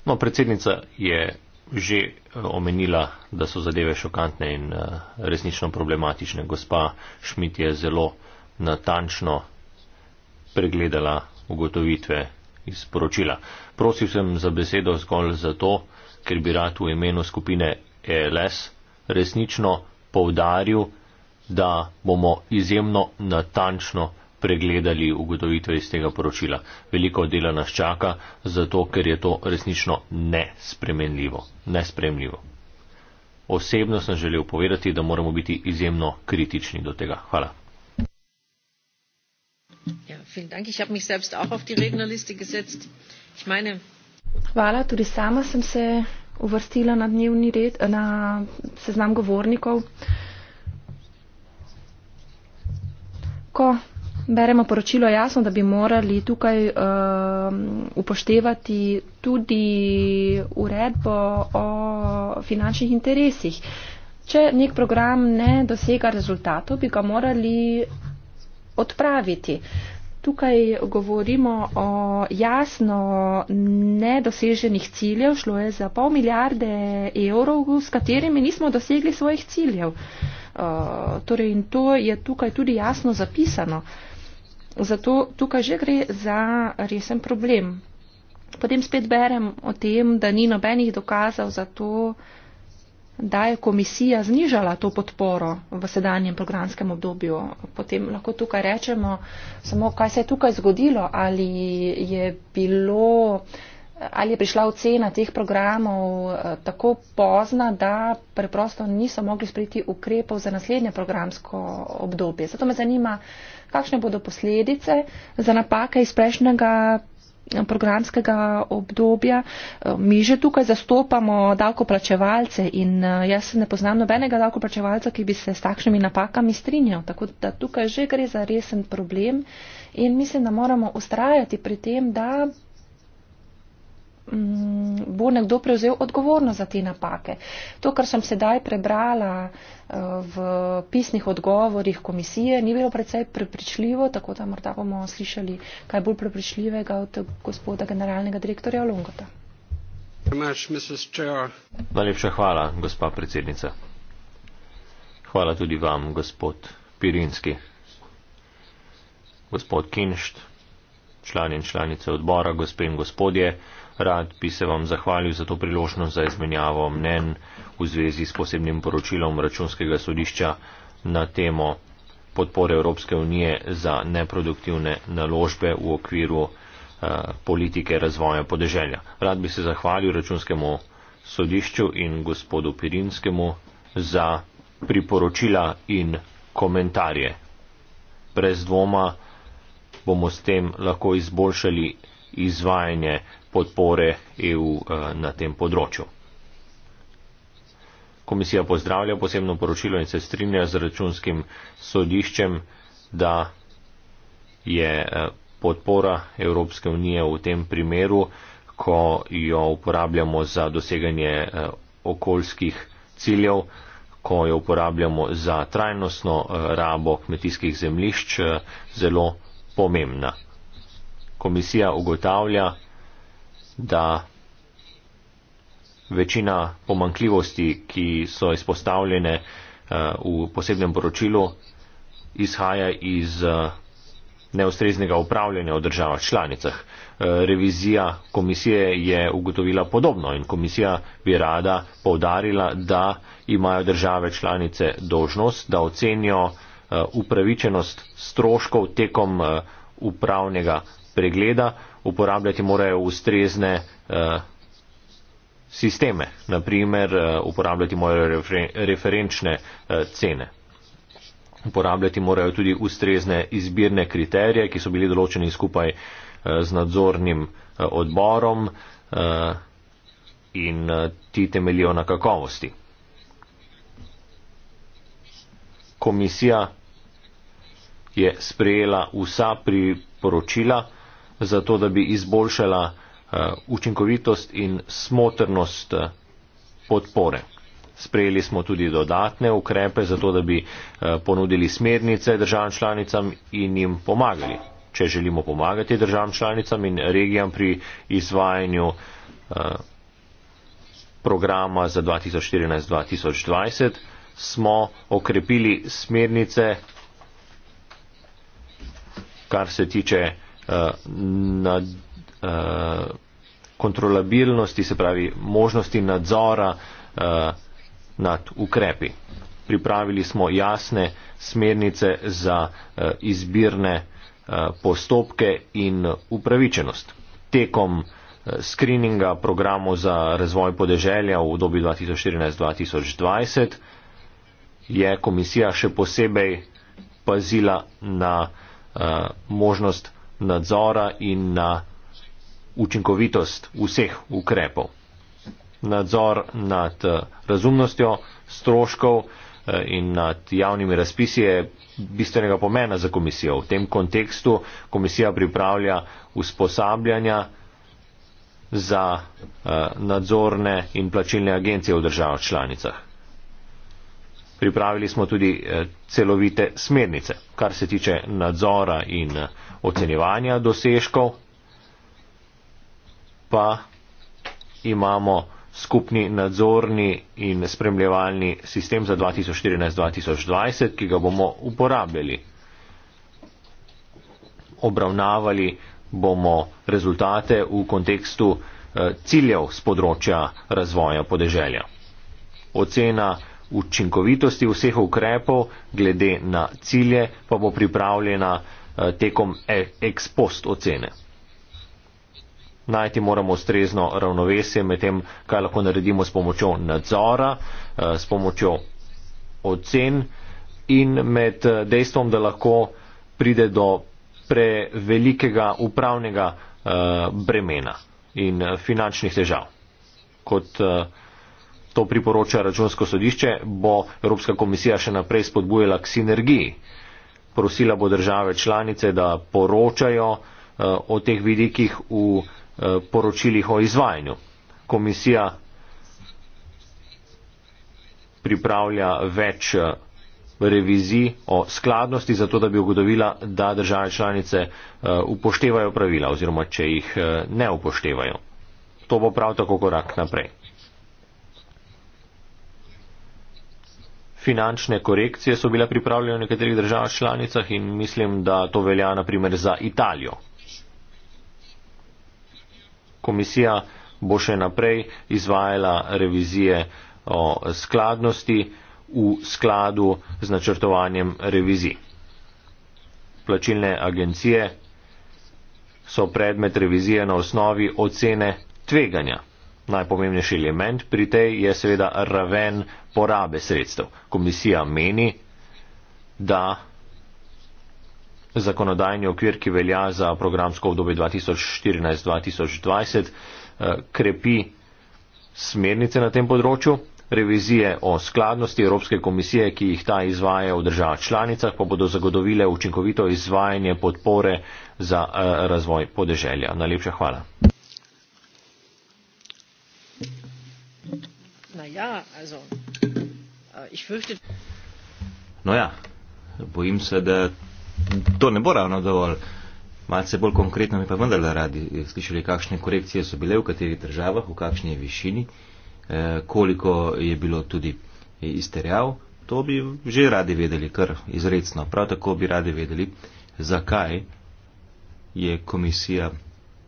Speaker 3: No, predsednica je že eh, omenila, da so zadeve šokantne in eh, resnično problematične. Gospa Šmit je zelo natančno pregledala ugotovitve iz poročila. Prosil sem za besedo zgolj zato, ker bi rad v imenu skupine ELS resnično povdaril, da bomo izjemno natančno pregledali ugotovitve iz tega poročila. Veliko dela nas čaka, zato ker je to resnično nespremenljivo. nespremljivo. Osebno sem želel povedati, da moramo biti izjemno kritični do tega. Hvala.
Speaker 1: Ja,
Speaker 2: Hvala, tudi sama sem se uvrstila na dnevni red, eh, na seznam govornikov. Ko beremo poročilo, jasno, da bi morali tukaj um, upoštevati tudi uredbo o finančnih interesih. Če nek program ne dosega rezultatov, bi ga morali odpraviti. Tukaj govorimo o jasno nedoseženih ciljev, šlo je za pol milijarde evrov, s katerimi nismo dosegli svojih ciljev. Uh, torej in to je tukaj tudi jasno zapisano. Zato tukaj že gre za resen problem. Potem spet berem o tem, da ni nobenih dokazov za to, uh, da je komisija znižala to podporo v sedanjem programskem obdobju. Potem lahko tukaj rečemo samo, kaj se je tukaj zgodilo, ali je bilo. Ali je prišla ocena teh programov eh, tako pozna, da preprosto niso mogli sprejeti ukrepov za naslednje programsko obdobje? Zato me zanima, kakšne bodo posledice za napake iz prejšnjega programskega obdobja. Eh, mi že tukaj zastopamo davkoplačevalce in eh, jaz ne poznam nobenega davkoplačevalca, ki bi se s takšnimi napakami strinjal. Tako da tukaj že gre za resen problem in mislim, da moramo ustrajati pri tem, da Mm, bo nekdo prevzel odgovornost za te napake. To, kar sem sedaj prebrala eh, v pisnih odgovorih komisije, ni bilo precej prepričljivo, tako da morda bomo slišali kaj bolj prepričljivega od gospoda generalnega direktorja Longota.
Speaker 3: Najlepša hvala, gospa predsednica. Hvala tudi vam, gospod Pirinski. Gospod Kinšt, član in članice odbora, gospe in gospodje, Rad bi se vam zahvalil za to priložnost za izmenjavo mnen v zvezi s posebnim poročilom računskega sodišča na temo podpore Evropske unije za neproduktivne naložbe v okviru eh, politike razvoja podeželja. Rad bi se zahvalil računskemu sodišču in gospodu Pirinskemu za priporočila in komentarje. Brez dvoma bomo s tem lahko izboljšali izvajanje podpore EU eh, na tem področju. Komisija pozdravlja posebno poročilo in se strinja z računskim sodiščem, da je eh, podpora Evropske unije v tem primeru, ko jo uporabljamo za doseganje eh, okoljskih ciljev, ko jo uporabljamo za trajnostno rabo kmetijskih zemlišč, zelo pomembna. Komisija ugotavlja, da večina pomankljivosti, ki so izpostavljene eh, v posebnem poročilu, izhaja iz eh, neustreznega upravljanja v državah članicah. Eh, revizija komisije je ugotovila podobno in komisija bi rada povdarila, da imajo države članice dožnost, da ocenijo upravičenost stroškov tekom upravnega pregleda, uporabljati morajo ustrezne eh, sisteme, naprimer eh, uporabljati morajo referenčne eh, cene. Uporabljati morajo tudi ustrezne izbirne kriterije, ki so bili določeni skupaj z nadzornim odborom in ti temeljijo na kakovosti. Komisija je sprejela vsa priporočila, zato da bi izboljšala eh, učinkovitost in smotrnost eh, podpore. Sprejeli smo tudi dodatne ukrepe, zato da bi eh, ponudili smernice državam članicam in jim pomagali, če želimo pomagati državam članicam in regijam pri izvajanju programa za 2014-2020 smo okrepili smernice, kar se tiče Eh, nad, eh, kontrolabilnosti, se pravi možnosti nadzora eh, nad ukrepi. Pripravili smo jasne smernice za izbirne postopke in upravičenost. Tekom skrininga programov za razvoj podeželja v dobi 2014-2020 je komisija še posebej pazila na uh, možnost nadzora in na učinkovitost vseh ukrepov. Nadzor nad eh, razumnostjo stroškov eh, in nad javnimi razpisi je bistvenega pomena za komisijo. V tem kontekstu komisija pripravlja usposabljanja za eh, nadzorne in plačilne agencije v državah članicah. Pripravili smo tudi celovite smernice, kar se tiče nadzora in nadzora ocenjevanja dosežkov, pa imamo skupni nadzorni in spremljevalni sistem za 2014-2020, ki ga bomo uporabljali. Obravnavali bomo rezultate v kontekstu eh, ciljev z področja razvoja podeželja. Ocena učinkovitosti vseh ukrepov glede na cilje pa bo pripravljena Eh, tekom e, ex post ocene. Najti moramo ustrezno ravnovesje med tem, kaj lahko naredimo s pomočjo nadzora, eh, s pomočjo ocen in med eh, dejstvom, da lahko pride do prevelikega upravnega bremena in finančnih težav. Kot to priporoča računsko sodišče, bo Evropska komisija še naprej spodbujala k sinergiji prosila bo države članice, da poročajo eh, o teh vidikih v eh, poročilih o izvajanju. Komisija pripravlja več eh, revizij o skladnosti, zato da bi ugotovila, da države članice upoštevajo pravila oziroma, če jih ne upoštevajo. To bo prav tako korak naprej. finančne korekcije so bile pripravljene v nekaterih državah članicah in mislim, da to velja na primer za Italijo. Komisija bo še naprej izvajala revizije o skladnosti v skladu z načrtovanjem revizij. Plačilne agencije so predmet revizije na osnovi ocene tveganja. Najpomembnejši element pri tej je seveda raven porabe sredstev. Komisija meni, da zakonodajni okvir, ki velja za programsko obdobje 2014-2020, eh, krepi smernice na tem področju. Revizije o skladnosti Evropske komisije, ki jih ta izvaja v državah članicah, pa bodo zagotovile učinkovito izvajanje podpore za eh, razvoj podeželja. Najlepša hvala.
Speaker 1: ja, also, äh, ich fürchte.
Speaker 3: No ja, bojim
Speaker 4: se, da to ne bo ravno dovolj. Malce bolj konkretno mi pa vendarle radi slišali, kakšne korekcije so bile, v katerih državah, v kakšni višini, eh, koliko je bilo tudi izterjav. To bi že radi vedeli, kar izredno. Prav tako bi radi vedeli, zakaj je komisija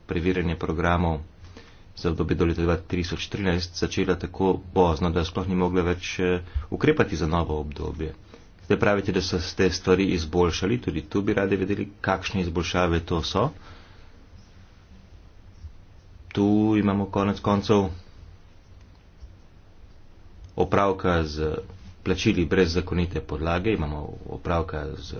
Speaker 4: preverjanja programov za obdobje do leta 2013 začela tako pozno, da sploh ni mogla več eh, ukrepati za novo obdobje. Zdaj pravite, da so ste stvari izboljšali, tudi tu bi radi vedeli, kakšne izboljšave to so. Tu imamo konec koncev opravka z plačili brez zakonite podlage, imamo opravka z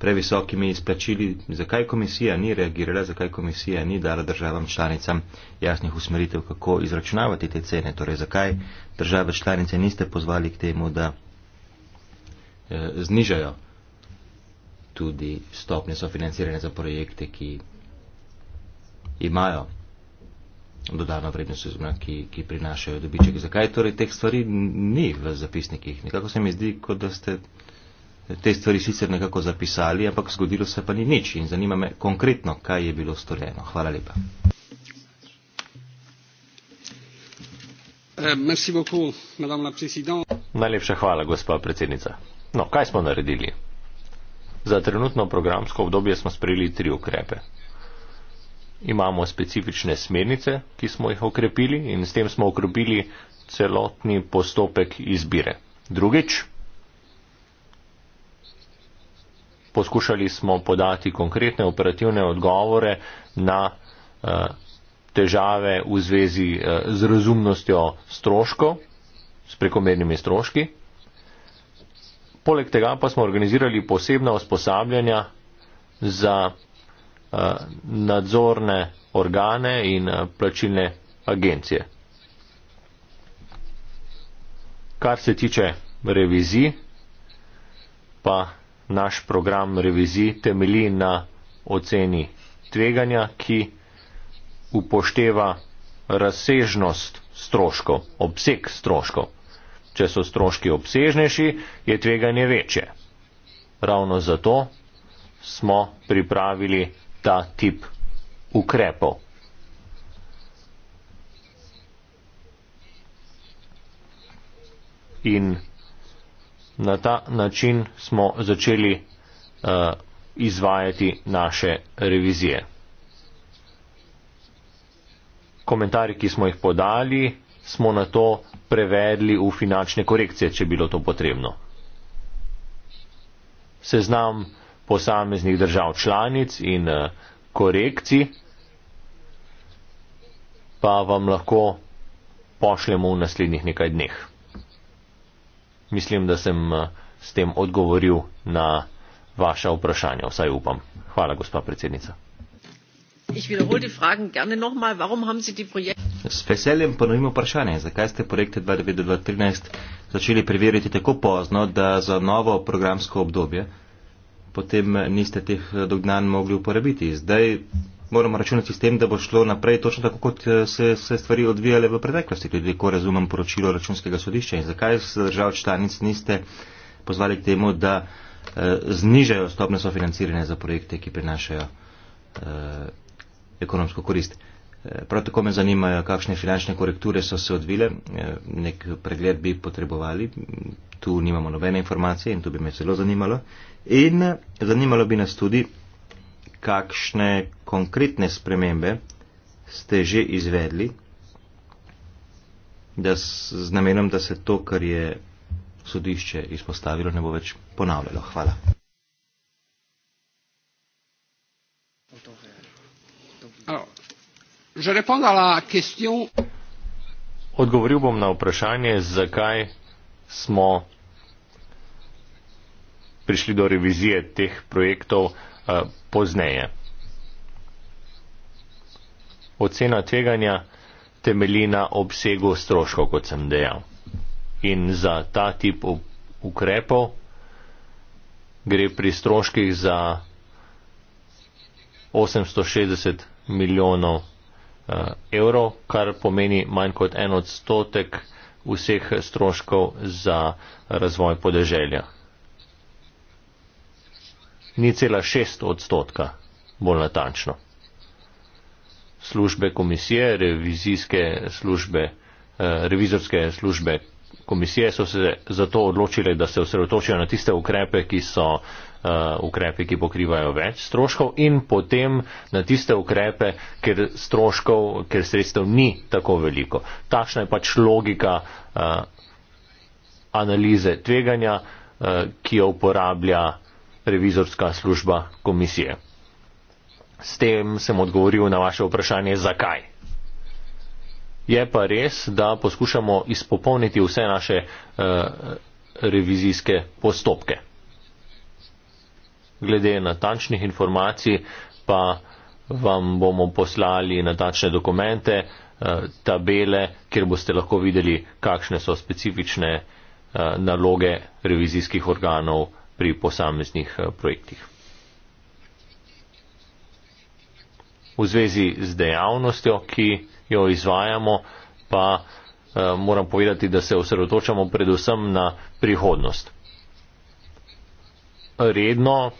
Speaker 4: previsokimi izplačili, zakaj komisija ni reagirala, zakaj komisija ni dala državam članicam jasnih usmeritev, kako izračunavati te cene, torej zakaj države članice niste pozvali k temu, da eh, znižajo tudi stopnje sofinanciranja za projekte, ki imajo dodano vrednost, ki, ki prinašajo dobiček. Zakaj torej teh stvari ni v zapisnikih? Nekako se mi zdi, kot da ste te stvari sicer nekako zapisali, ampak zgodilo se pa ni nič in zanima me konkretno, kaj je bilo storjeno. Hvala
Speaker 3: lepa. Eh, Najlepša hvala, gospa predsednica. No, kaj smo naredili? Za trenutno programsko obdobje smo sprejeli tri ukrepe. Imamo specifične smernice, ki smo jih okrepili in s tem smo okrepili celotni postopek izbire. Drugič, poskušali smo podati konkretne operativne odgovore na eh, težave v zvezi eh, z razumnostjo stroškov, s prekomernimi stroški. Poleg tega pa smo organizirali posebna usposabljanja za eh, nadzorne organe in plačilne agencije. Kar se tiče revizij, pa naš program revizij temelji na oceni tveganja, ki upošteva razsežnost stroškov, obseg stroškov. Če so stroški obsežnejši, je tveganje večje. Ravno zato smo pripravili ta tip ukrepov. In na ta način smo začeli uh, izvajati naše revizije. Komentarji, ki smo jih podali, smo na to prevedli v finančne korekcije, če bilo to potrebno. Seznam posameznih držav članic in eh, korekcij pa vam lahko pošljemo v naslednjih nekaj dneh mislim, da sem eh, s tem odgovoril na vaša vprašanja, vsaj upam. Hvala, gospa predsednica.
Speaker 4: S veseljem ponovim vprašanje, zakaj ste projekte 2009-2013 začeli preveriti tako pozno, da za novo programsko obdobje potem niste teh dognanj mogli uporabiti. Zdaj moramo računati s tem, da bo šlo naprej točno tako, kot eh, se, se stvari odvijale v preteklosti, tudi ko razumem poročilo računskega sodišča. In zakaj držav članic niste pozvali k temu, da eh, znižajo stopne sofinanciranja za projekte, ki prinašajo eh, ekonomsko korist? Eh, prav tako me zanimajo, kakšne finančne korekture so se odvile, eh, nek pregled bi potrebovali, tu nimamo nobene informacije in to bi me zelo zanimalo. In zanimalo bi nas tudi, kakšne konkretne spremembe ste že izvedli da s, z namenom, da se to, kar je sodišče izpostavilo, ne bo več ponavljalo. Hvala.
Speaker 3: Odgovoril bom na vprašanje, zakaj smo prišli do revizije teh projektov. Eh, pozneje. Ocena tveganja temelji na obsegu stroškov, kot sem dejal. In za ta tip ukrepov gre pri stroških za 860 milijonov eh, evrov, kar pomeni manj kot en odstotek vseh stroškov za razvoj podeželja. 0,6 odstotka, bolj natančno. Službe komisije, revizijske službe, eh, revizorske službe komisije so se zato odločile, da se osredotočijo na tiste ukrepe, ki so eh, ukrepe, ki pokrivajo več stroškov in potem na tiste ukrepe, ker stroškov, ker sredstev ni tako veliko. Takšna je pač logika eh, analize tveganja, ki jo uporablja revizorska služba komisije. S tem sem odgovoril na vaše vprašanje, zakaj. Je pa res, da poskušamo izpopolniti vse naše uh, revizijske postopke. Glede natančnih informacij pa vam bomo poslali natančne dokumente, uh, tabele, kjer boste lahko videli, kakšne so specifične uh, naloge revizijskih organov pri posameznih eh, projektih. V zvezi z dejavnostjo, ki jo izvajamo, pa eh, moram povedati, da se osredotočamo predvsem na prihodnost. Redno,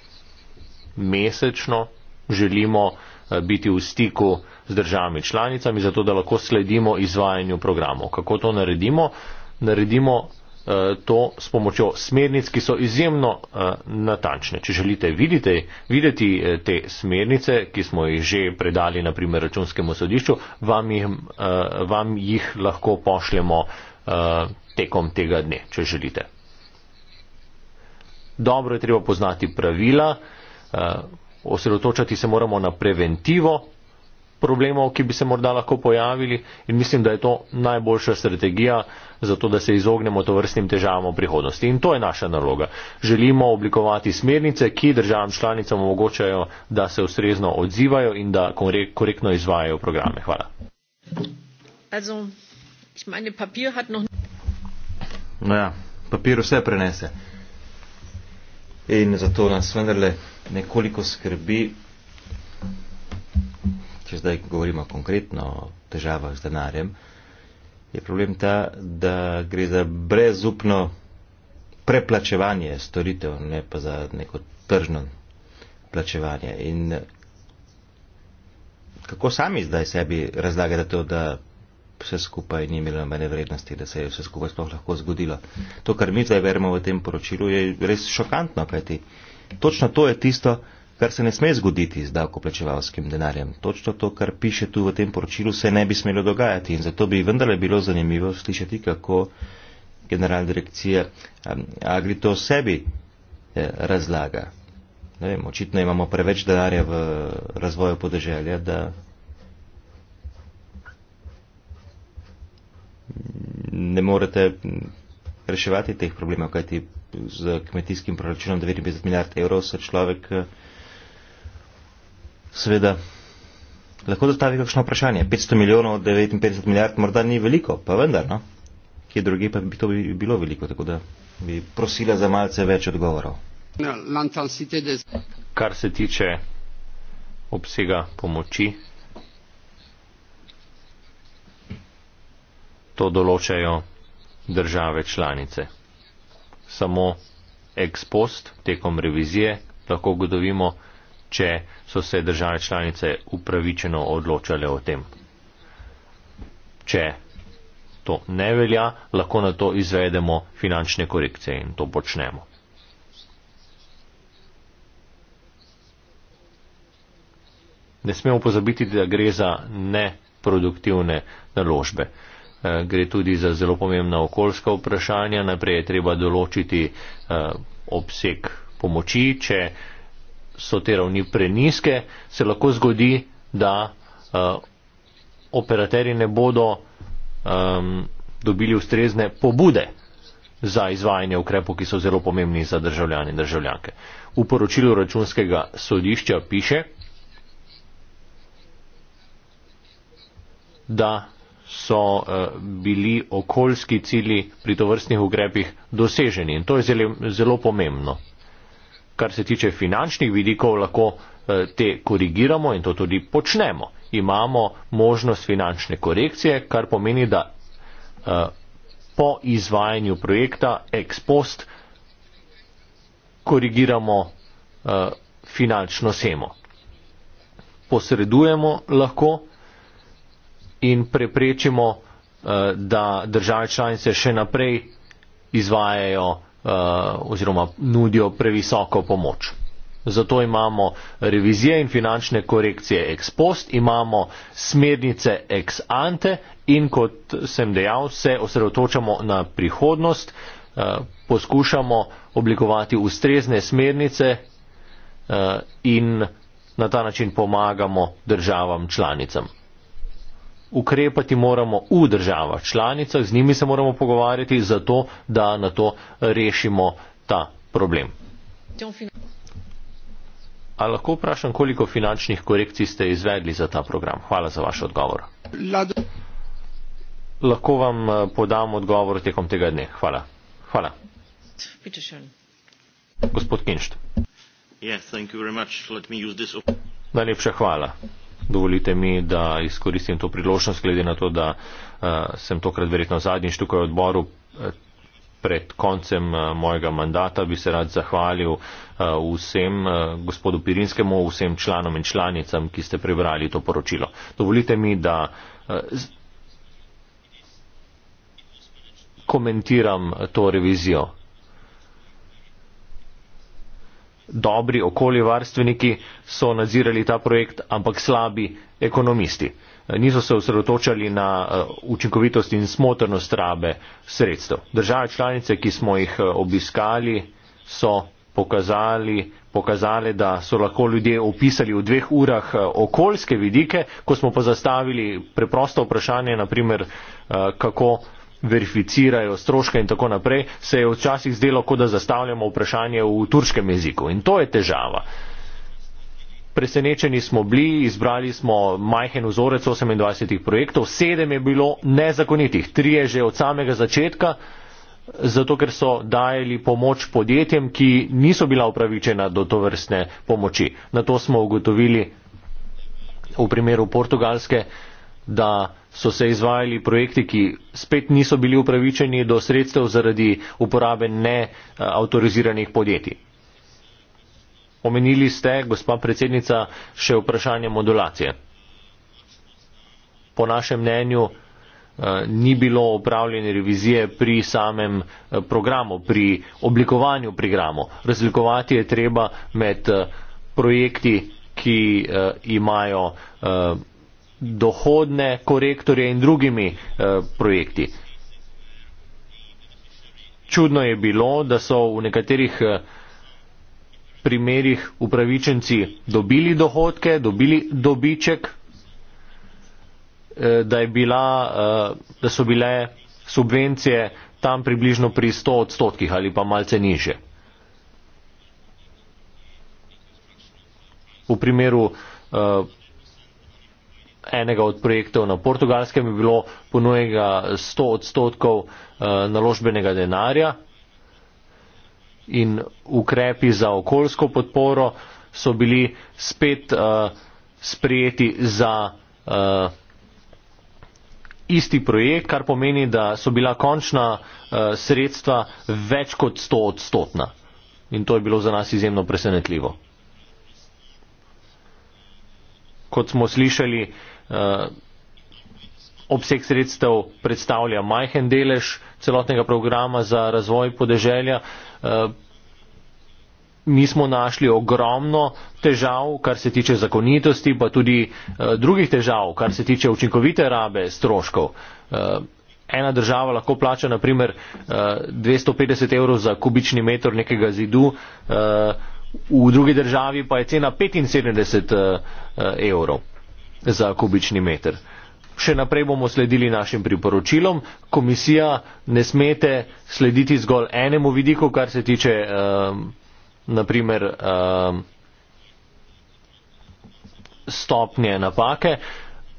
Speaker 3: mesečno želimo eh, biti v stiku z državami članicami, zato da lahko sledimo izvajanju programov. Kako to naredimo? Naredimo Eh, to s pomočjo smernic, ki so izjemno eh, natančne. Če želite vidite, videti eh, te smernice, ki smo jih že predali na primer računskemu sodišču, vam jih, vam jih lahko pošljemo tekom tega dne, če želite. Dobro je treba poznati pravila, osredotočati se moramo na preventivo, problemov, ki bi se morda lahko pojavili in mislim, da je to najboljša strategija za to, da se izognemo to vrstnim težavam v prihodnosti. In to je naša naloga. Želimo oblikovati smernice, ki državam članicam omogočajo, da se ustrezno odzivajo in da korektno izvajajo programe. Hvala.
Speaker 1: Also, ich meine, papir hat noch...
Speaker 4: No ja, papir vse prenese. In zato nas vendarle nekoliko skrbi, če zdaj govorimo konkretno o težavah z denarjem, je problem ta, da gre za brezupno preplačevanje storitev, ne pa za neko tržno plačevanje. In eh, kako sami zdaj sebi razlagate to, da vse skupaj ni imelo mene vrednosti, da se je vse skupaj sploh lahko zgodilo. To, kar mi zdaj veremo v tem poročilu, je res šokantno, kajti točno to je tisto, kar se ne sme zgoditi z davkoplačevalskim denarjem. Točno to, kar piše tu v tem poročilu, se ne bi smelo dogajati in zato bi vendarle bilo zanimivo slišati, kako generalna direkcija um, Agri to sebi eh, razlaga. Ne vem, očitno imamo preveč denarja v razvoju podeželja, da ne morete reševati teh problemov, kajti z kmetijskim proračunom 59 milijard evrov se človek eh, seveda lahko zastavi kakšno vprašanje. 500 milijonov od 59 milijard morda ni veliko, pa vendar, no? Kje drugi pa bi to bi bilo veliko, tako da bi prosila za malce več odgovorov.
Speaker 3: Kar se tiče obsega pomoči, to določajo države članice. Samo ex post tekom revizije lahko ugotovimo, če so se države članice upravičeno odločale o tem. Če to ne velja, lahko na to izvedemo finančne korekcije in to počnemo. Ne smemo pozabiti, da gre za neproduktivne naložbe. Eh, gre tudi za zelo pomembna okoljska vprašanja. Najprej je treba določiti eh, obseg pomoči, če so te ravni preniske, se lahko zgodi, da uh, operaterji ne bodo um, dobili ustrezne pobude za izvajanje ukrepov, ki so zelo pomembni za državljane in državljanke. V poročilu računskega sodišča piše, da so eh, bili okoljski cili pri tovrstnih ukrepih doseženi. In to je zelo pomembno kar se tiče finančnih vidikov, lahko eh, te korigiramo in to tudi počnemo. Imamo možnost finančne korekcije, kar pomeni, da eh, po izvajanju projekta ex post korigiramo eh, finančno semo. Posredujemo lahko in preprečimo, da države članice še naprej izvajajo Eh, oziroma nudijo previsoko pomoč. Zato imamo revizije in finančne korekcije ex post, imamo smernice ex ante in kot sem dejal, se osredotočamo na prihodnost, eh, poskušamo oblikovati ustrezne smernice eh, in na ta način pomagamo državam članicam ukrepati moramo v državah članicah, z njimi se moramo pogovarjati, zato da na to rešimo ta problem. A lahko vprašam, koliko finančnih korekcij ste izvedli za ta program? Hvala za vaš odgovor. Lahko vam eh, podam odgovor tekom tega dne. Hvala. Hvala. Gospod Kinšt. Najlepša hvala dovolite mi, da izkoristim to priložnost, glede na to, da uh, sem tokrat verjetno zadnjič tukaj v odboru. Uh, Pred koncem eh, mojega mandata bi se rad zahvalil vsem gospodu Pirinskemu, vsem članom in članicam, ki ste prebrali to poročilo. Dovolite mi, da komentiram to revizijo dobri okoljevarstveniki so nadzirali ta projekt, ampak slabi ekonomisti. Niso se osredotočali na eh, učinkovitost in smotrnost rabe sredstev. Države članice, ki smo jih eh, obiskali, so pokazali, pokazali, da so lahko ljudje opisali v dveh urah eh, okoljske vidike, ko smo pa zastavili preprosto vprašanje, naprimer, kako verificirajo stroške in tako naprej, se je včasih zdelo, kot da zastavljamo vprašanje v turškem jeziku. In to je težava. Presenečeni smo bili, izbrali smo majhen vzorec 28 projektov, sedem je bilo nezakonitih, tri je že od samega začetka, zato ker so dajali pomoč podjetjem, ki niso bila upravičena do to vrstne pomoči. Na to smo ugotovili v primeru Portugalske da so se izvajali projekti, ki spet niso bili upravičeni do sredstev zaradi uporabe neautoriziranih podjetij. Omenili ste, gospa predsednica, še vprašanje modulacije. Po našem mnenju eh, ni bilo opravljene revizije pri samem eh, programu, pri oblikovanju programu. Razlikovati je treba med eh, projekti, ki imajo dohodne korektorje in drugimi eh, projekti. Čudno je bilo, da so v nekaterih eh, primerjih upravičenci dobili dohodke, dobili dobiček, eh, da, bila, eh, da so bile subvencije tam približno pri 100 odstotkih ali pa malce niže. V primeru enega od projektov na portugalskem je bilo ponujenega 100 odstotkov eh, naložbenega denarja in ukrepi za okoljsko podporo so bili spet uh, sprejeti za uh, isti projekt, kar pomeni, da so bila končna uh, sredstva več kot 100 odstotna. In to je bilo za nas izjemno presenetljivo. Kot smo slišali, uh, Eh, obseg sredstev predstavlja majhen delež celotnega programa za razvoj podeželja. Eh, mi smo našli ogromno težav, kar se tiče zakonitosti, pa tudi eh, drugih težav, kar se tiče učinkovite rabe stroškov. Ena država lahko plača naprimer 250 evrov za kubični metr nekega zidu, v drugi državi pa je cena 75 evrov za kubični meter. Še naprej bomo sledili našim priporočilom. Komisija ne smete slediti zgolj enemu vidiku, kar se tiče um, ehm, naprimer um, ehm, stopnje napake,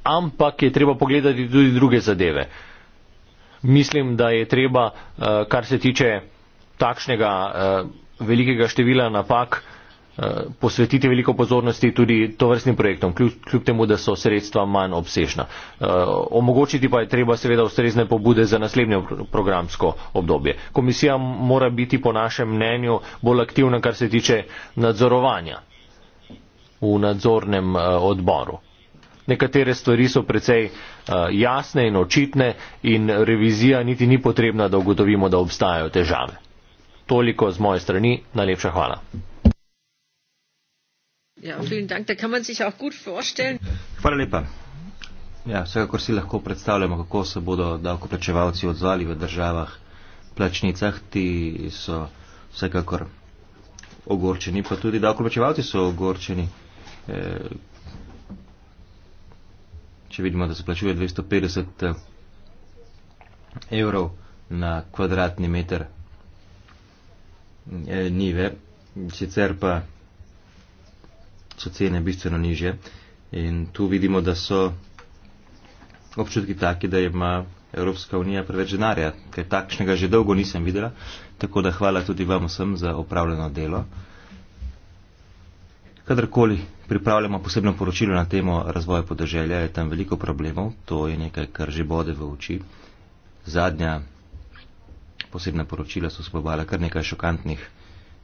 Speaker 3: ampak je treba pogledati tudi druge zadeve. Mislim, da je treba, uh, kar se tiče takšnega uh, velikega števila napak, uh, Eh, posvetiti veliko pozornosti tudi tovrstnim projektom, kljub, kljub temu, da so sredstva manj obsežna. Eh, omogočiti pa je treba seveda ustrezne pobude za naslednjo programsko obdobje. Komisija mora biti po našem mnenju bolj aktivna, kar se tiče nadzorovanja v nadzornem eh, odboru. Nekatere stvari so precej jasne in očitne in revizija niti ni potrebna, da ugotovimo, da obstajajo težave. Toliko z moje strani. Najlepša hvala.
Speaker 1: Ja, vielen Dank. Da kann man sich auch gut vorstellen.
Speaker 3: Hvala lepa.
Speaker 4: Ja, vsekakor si lahko predstavljamo, kako se bodo davkoplačevalci odzvali v državah plačnicah. Ti so vsekakor ogorčeni, pa tudi davkoplačevalci so ogorčeni. E, če vidimo, da se plačuje 250 eh, evrov na kvadratni meter e, eh, nive, sicer pa so cene bistveno niže. In tu vidimo, da so občutki taki, da ima Evropska unija preveč denarja, ker takšnega že dolgo nisem videla. Tako da hvala tudi vam vsem za opravljeno delo. Kadarkoli pripravljamo posebno poročilo na temo razvoja podeželja, je tam veliko problemov. To je nekaj, kar že bode v oči. Zadnja posebna poročila so spobala kar nekaj šokantnih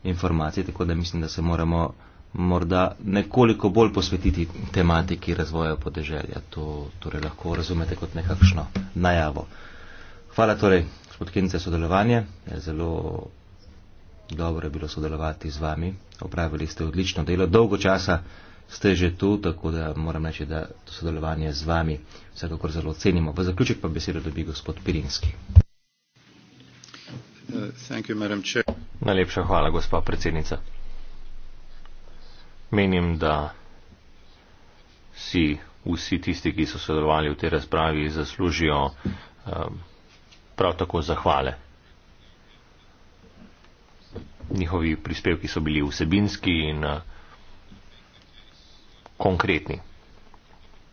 Speaker 4: informacij, tako da mislim, da se moramo morda nekoliko bolj posvetiti tematiki razvoja podeželja. To torej lahko razumete kot nekakšno najavo. Hvala torej, gospod Kence, sodelovanje. Ja, zelo dobro je bilo sodelovati z vami. Opravili ste odlično delo. Dolgo časa ste že tu, tako da moram reči, da to sodelovanje z vami vsekakor zelo cenimo. V zaključek pa besedo dobi gospod Pirinski.
Speaker 3: Uh, thank you, Najlepša hvala, gospod predsednica menim, da si vsi tisti, ki so sodelovali v tej razpravi, zaslužijo eh, prav tako zahvale. Njihovi prispevki so bili vsebinski in eh, konkretni.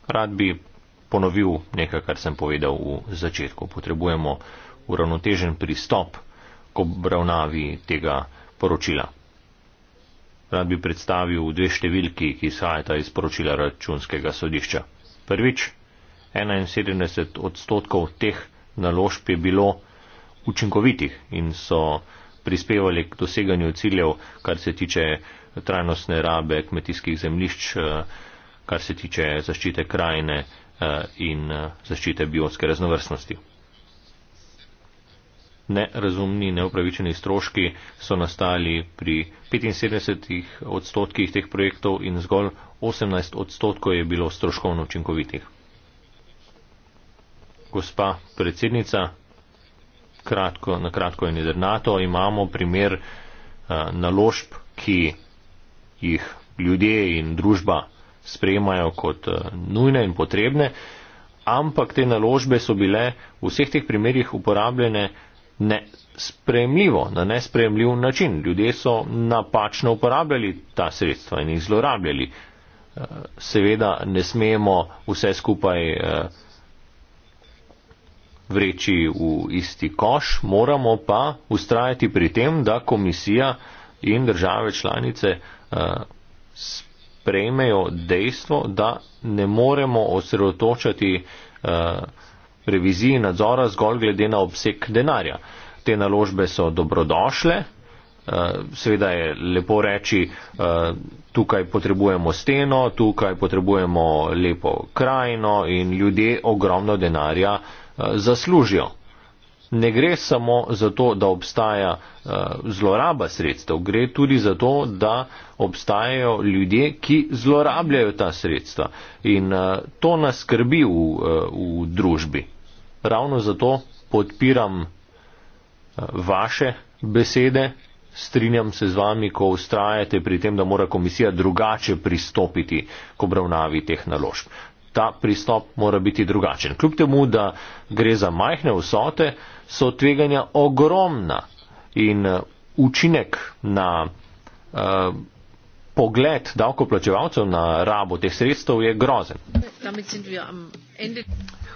Speaker 3: Rad bi ponovil nekaj, kar sem povedal v začetku. Potrebujemo uravnotežen pristop k obravnavi tega poročila rad bi predstavil dve številki, ki izhajata iz poročila računskega sodišča. Prvič, 71 odstotkov teh naložb je bilo učinkovitih in so prispevali k doseganju ciljev, kar se tiče trajnostne rabe kmetijskih zemlišč, eh, kar se tiče zaščite krajine eh, in eh, zaščite biotske raznovrstnosti nerazumni, neupravičeni stroški so nastali pri 75 odstotkih teh projektov in zgolj 18 odstotkov je bilo stroškovno učinkovitih. Gospa predsednica, kratko, na kratko in jedrnato, imamo primer a, eh, naložb, ki jih ljudje in družba sprejemajo kot a, eh, nujne in potrebne, ampak te naložbe so bile v vseh teh primerjih uporabljene nespremljivo, na nespremljiv način. Ljudje so napačno uporabljali ta sredstva in jih zlorabljali. Eh, seveda ne smemo vse skupaj eh, vreči v isti koš, moramo pa ustrajati pri tem, da komisija in države članice eh, sprejmejo dejstvo, da ne moremo osredotočati reviziji nadzora zgolj glede na obseg denarja. Te naložbe so dobrodošle, eh, seveda je lepo reči, eh, tukaj potrebujemo steno, tukaj potrebujemo lepo krajino in ljudje ogromno denarja eh, zaslužijo. Ne gre samo za to, da obstaja zloraba sredstev, gre tudi za to, da obstajajo ljudje, ki zlorabljajo ta sredstva. In to nas skrbi v, v družbi ravno zato podpiram eh, vaše besede, strinjam se z vami, ko ustrajate pri tem, da mora komisija drugače pristopiti k obravnavi teh naložb. Ta pristop mora biti drugačen. Kljub temu, da gre za majhne vsote, so tveganja ogromna in eh, učinek na uh, pogled davkoplačevalcev na rabo teh sredstev je grozen.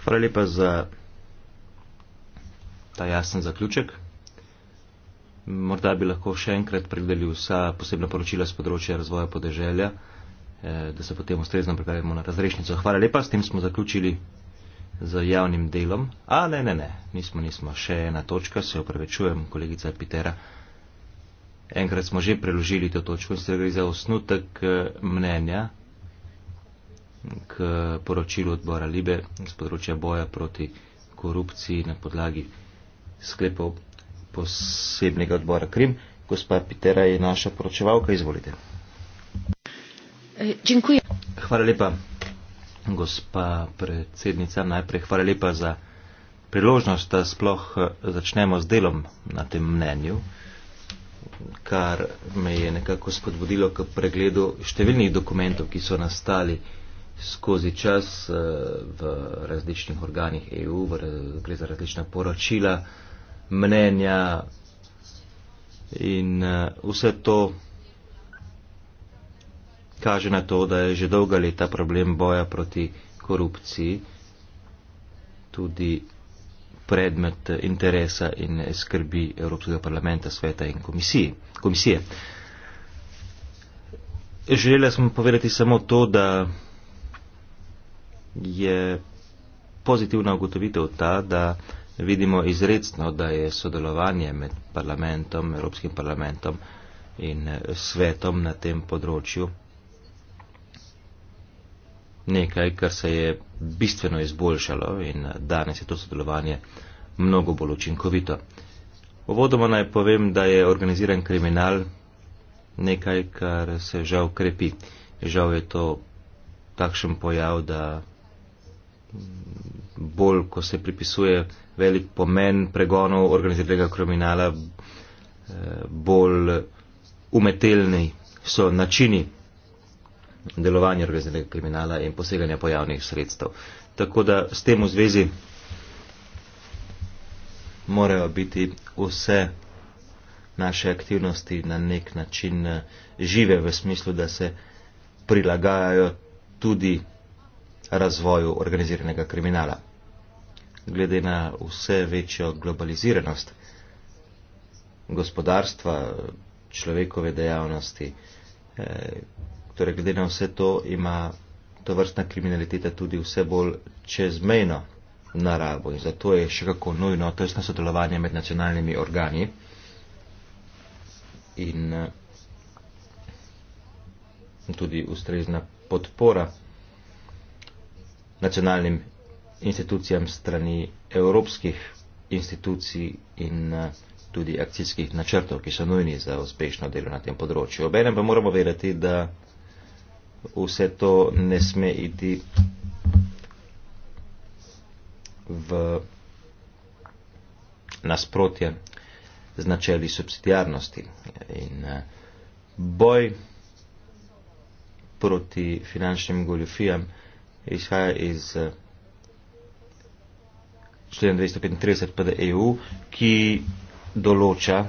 Speaker 3: Hvala lepa za ta jasen zaključek.
Speaker 4: Morda bi lahko še enkrat pregledali vsa posebna poročila z področja razvoja podeželja, eh, da se potem ustrezno pripravimo na razrešnico. Hvala lepa, s tem smo zaključili z javnim delom. A ne, ne, ne, nismo, nismo. Še ena točka, se opravičujem, kolegica Pitera. Enkrat smo že preložili to točko in ste gre za osnutek eh, mnenja k poročilu odbora Libe z področja boja proti korupciji na podlagi sklepov posebnega odbora Krim. Gospa Pitera je naša poročevalka, izvolite. E, dziękuję. Hvala lepa, gospa predsednica. Najprej hvala lepa za priložnost, da sploh e, začnemo s delom na tem mnenju, kar me je nekako spodbudilo k pregledu številnih dokumentov, ki so nastali skozi čas e, v različnih organih EU, gre za različna poročila mnenja in eh, vse to kaže na to, da je že dolga leta problem boja proti korupciji tudi predmet interesa in skrbi Evropskega parlamenta, sveta in komisije. komisije. Želela sem povedati samo to, da je pozitivna ugotovitev ta, da vidimo izredno, da je sodelovanje med parlamentom, Evropskim parlamentom in eh, svetom na tem področju nekaj, kar se je bistveno izboljšalo in eh, danes je to sodelovanje mnogo bolj učinkovito. Uvodoma naj povem, da je organiziran kriminal nekaj, kar se žal krepi. Žal je to takšen pojav, da bolj, ko se pripisuje velik pomen pregonov organiziranega kriminala, eh, bolj umetelni so načini delovanja organiziranega kriminala in poseganja pojavnih sredstev. Tako da s tem v zvezi morajo biti vse naše aktivnosti na nek način eh, žive v smislu, da se prilagajajo tudi razvoju organiziranega kriminala glede na vse večjo globaliziranost gospodarstva, človekove dejavnosti. Eh, torej, glede na vse to ima to vrstna kriminaliteta tudi vse bolj čezmejno naravo in zato je še kako nujno tesno sodelovanje med nacionalnimi organi in eh, tudi ustrezna podpora nacionalnim institucijam strani evropskih institucij in eh, tudi akcijskih načrtov, ki so nujni za uspešno delo na tem področju. Obenem pa moramo verjeti, da vse to ne sme iti v nasprotje z načeli subsidiarnosti. In eh, boj proti finančnim goljofijam izhaja iz eh, študent 235 PDEU, ki določa,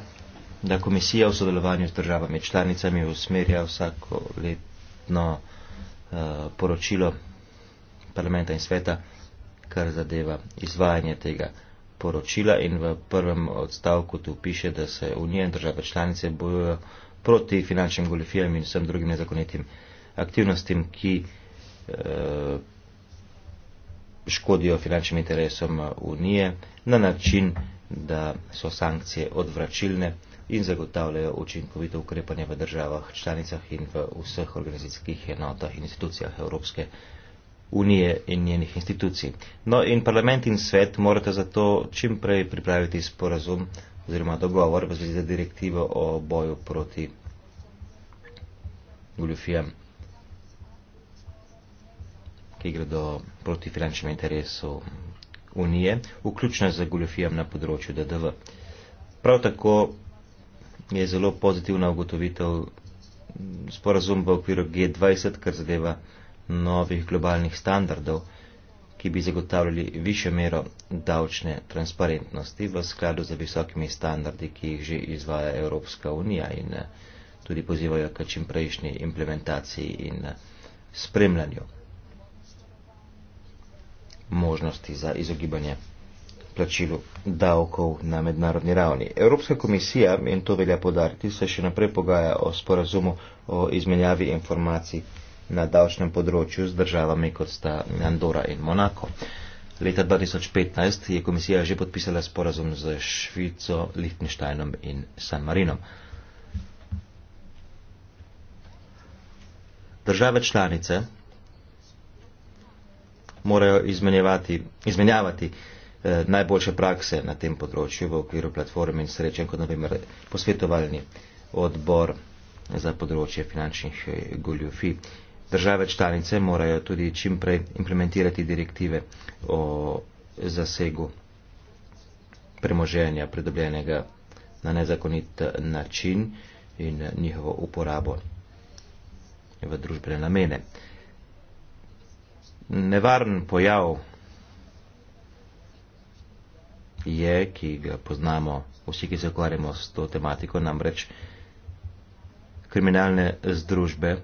Speaker 4: da komisija v sodelovanju z državami članicami usmerja vsako letno uh, eh, poročilo parlamenta in sveta, kar zadeva izvajanje tega poročila in v prvem odstavku tu piše, da se Unija in države članice bojujo proti finančnim golifijam in vsem drugim nezakonitim aktivnostim, ki uh, škodijo finančnim interesom eh, Unije na način, da so sankcije odvračilne in zagotavljajo učinkovito ukrepanje v državah, članicah in v vseh organizacijskih enotah in institucijah Evropske unije in njenih institucij. No in parlament in svet morate zato čim prej pripraviti sporazum oziroma dogovor v zvezi z direktivo o boju proti goljufijam ki gredo proti finančnemu interesu unije, vključno z goljofijam na področju DDV. Prav tako je zelo pozitivna ugotovitev sporazum v okviru G20, kar zadeva novih globalnih standardov, ki bi zagotavljali više mero davčne transparentnosti v skladu z visokimi standardi, ki jih že izvaja Evropska unija in eh, tudi pozivajo k čimprejšnji implementaciji in eh, spremljanju možnosti za izogibanje plačilu davkov na mednarodni ravni. Evropska komisija, in to velja podariti, se še naprej pogaja o sporazumu o izmenjavi informacij na davčnem področju z državami, kot sta Andora in Monako. Leta 2015 je komisija že podpisala sporazum z Švico, Lichtensteinom in San Marinom. Države članice morajo izmenjavati eh, najboljše prakse na tem področju v okviru platforme in srečen kot naprimer posvetovalni odbor za področje finančnih eh, goljufi. Države članice morajo tudi čimprej implementirati direktive o zasegu premoženja predobljenega na nezakonit eh, način in eh, njihovo uporabo v družbene namene nevaren pojav je, ki ga poznamo vsi, ki se ukvarjamo s to tematiko, namreč kriminalne združbe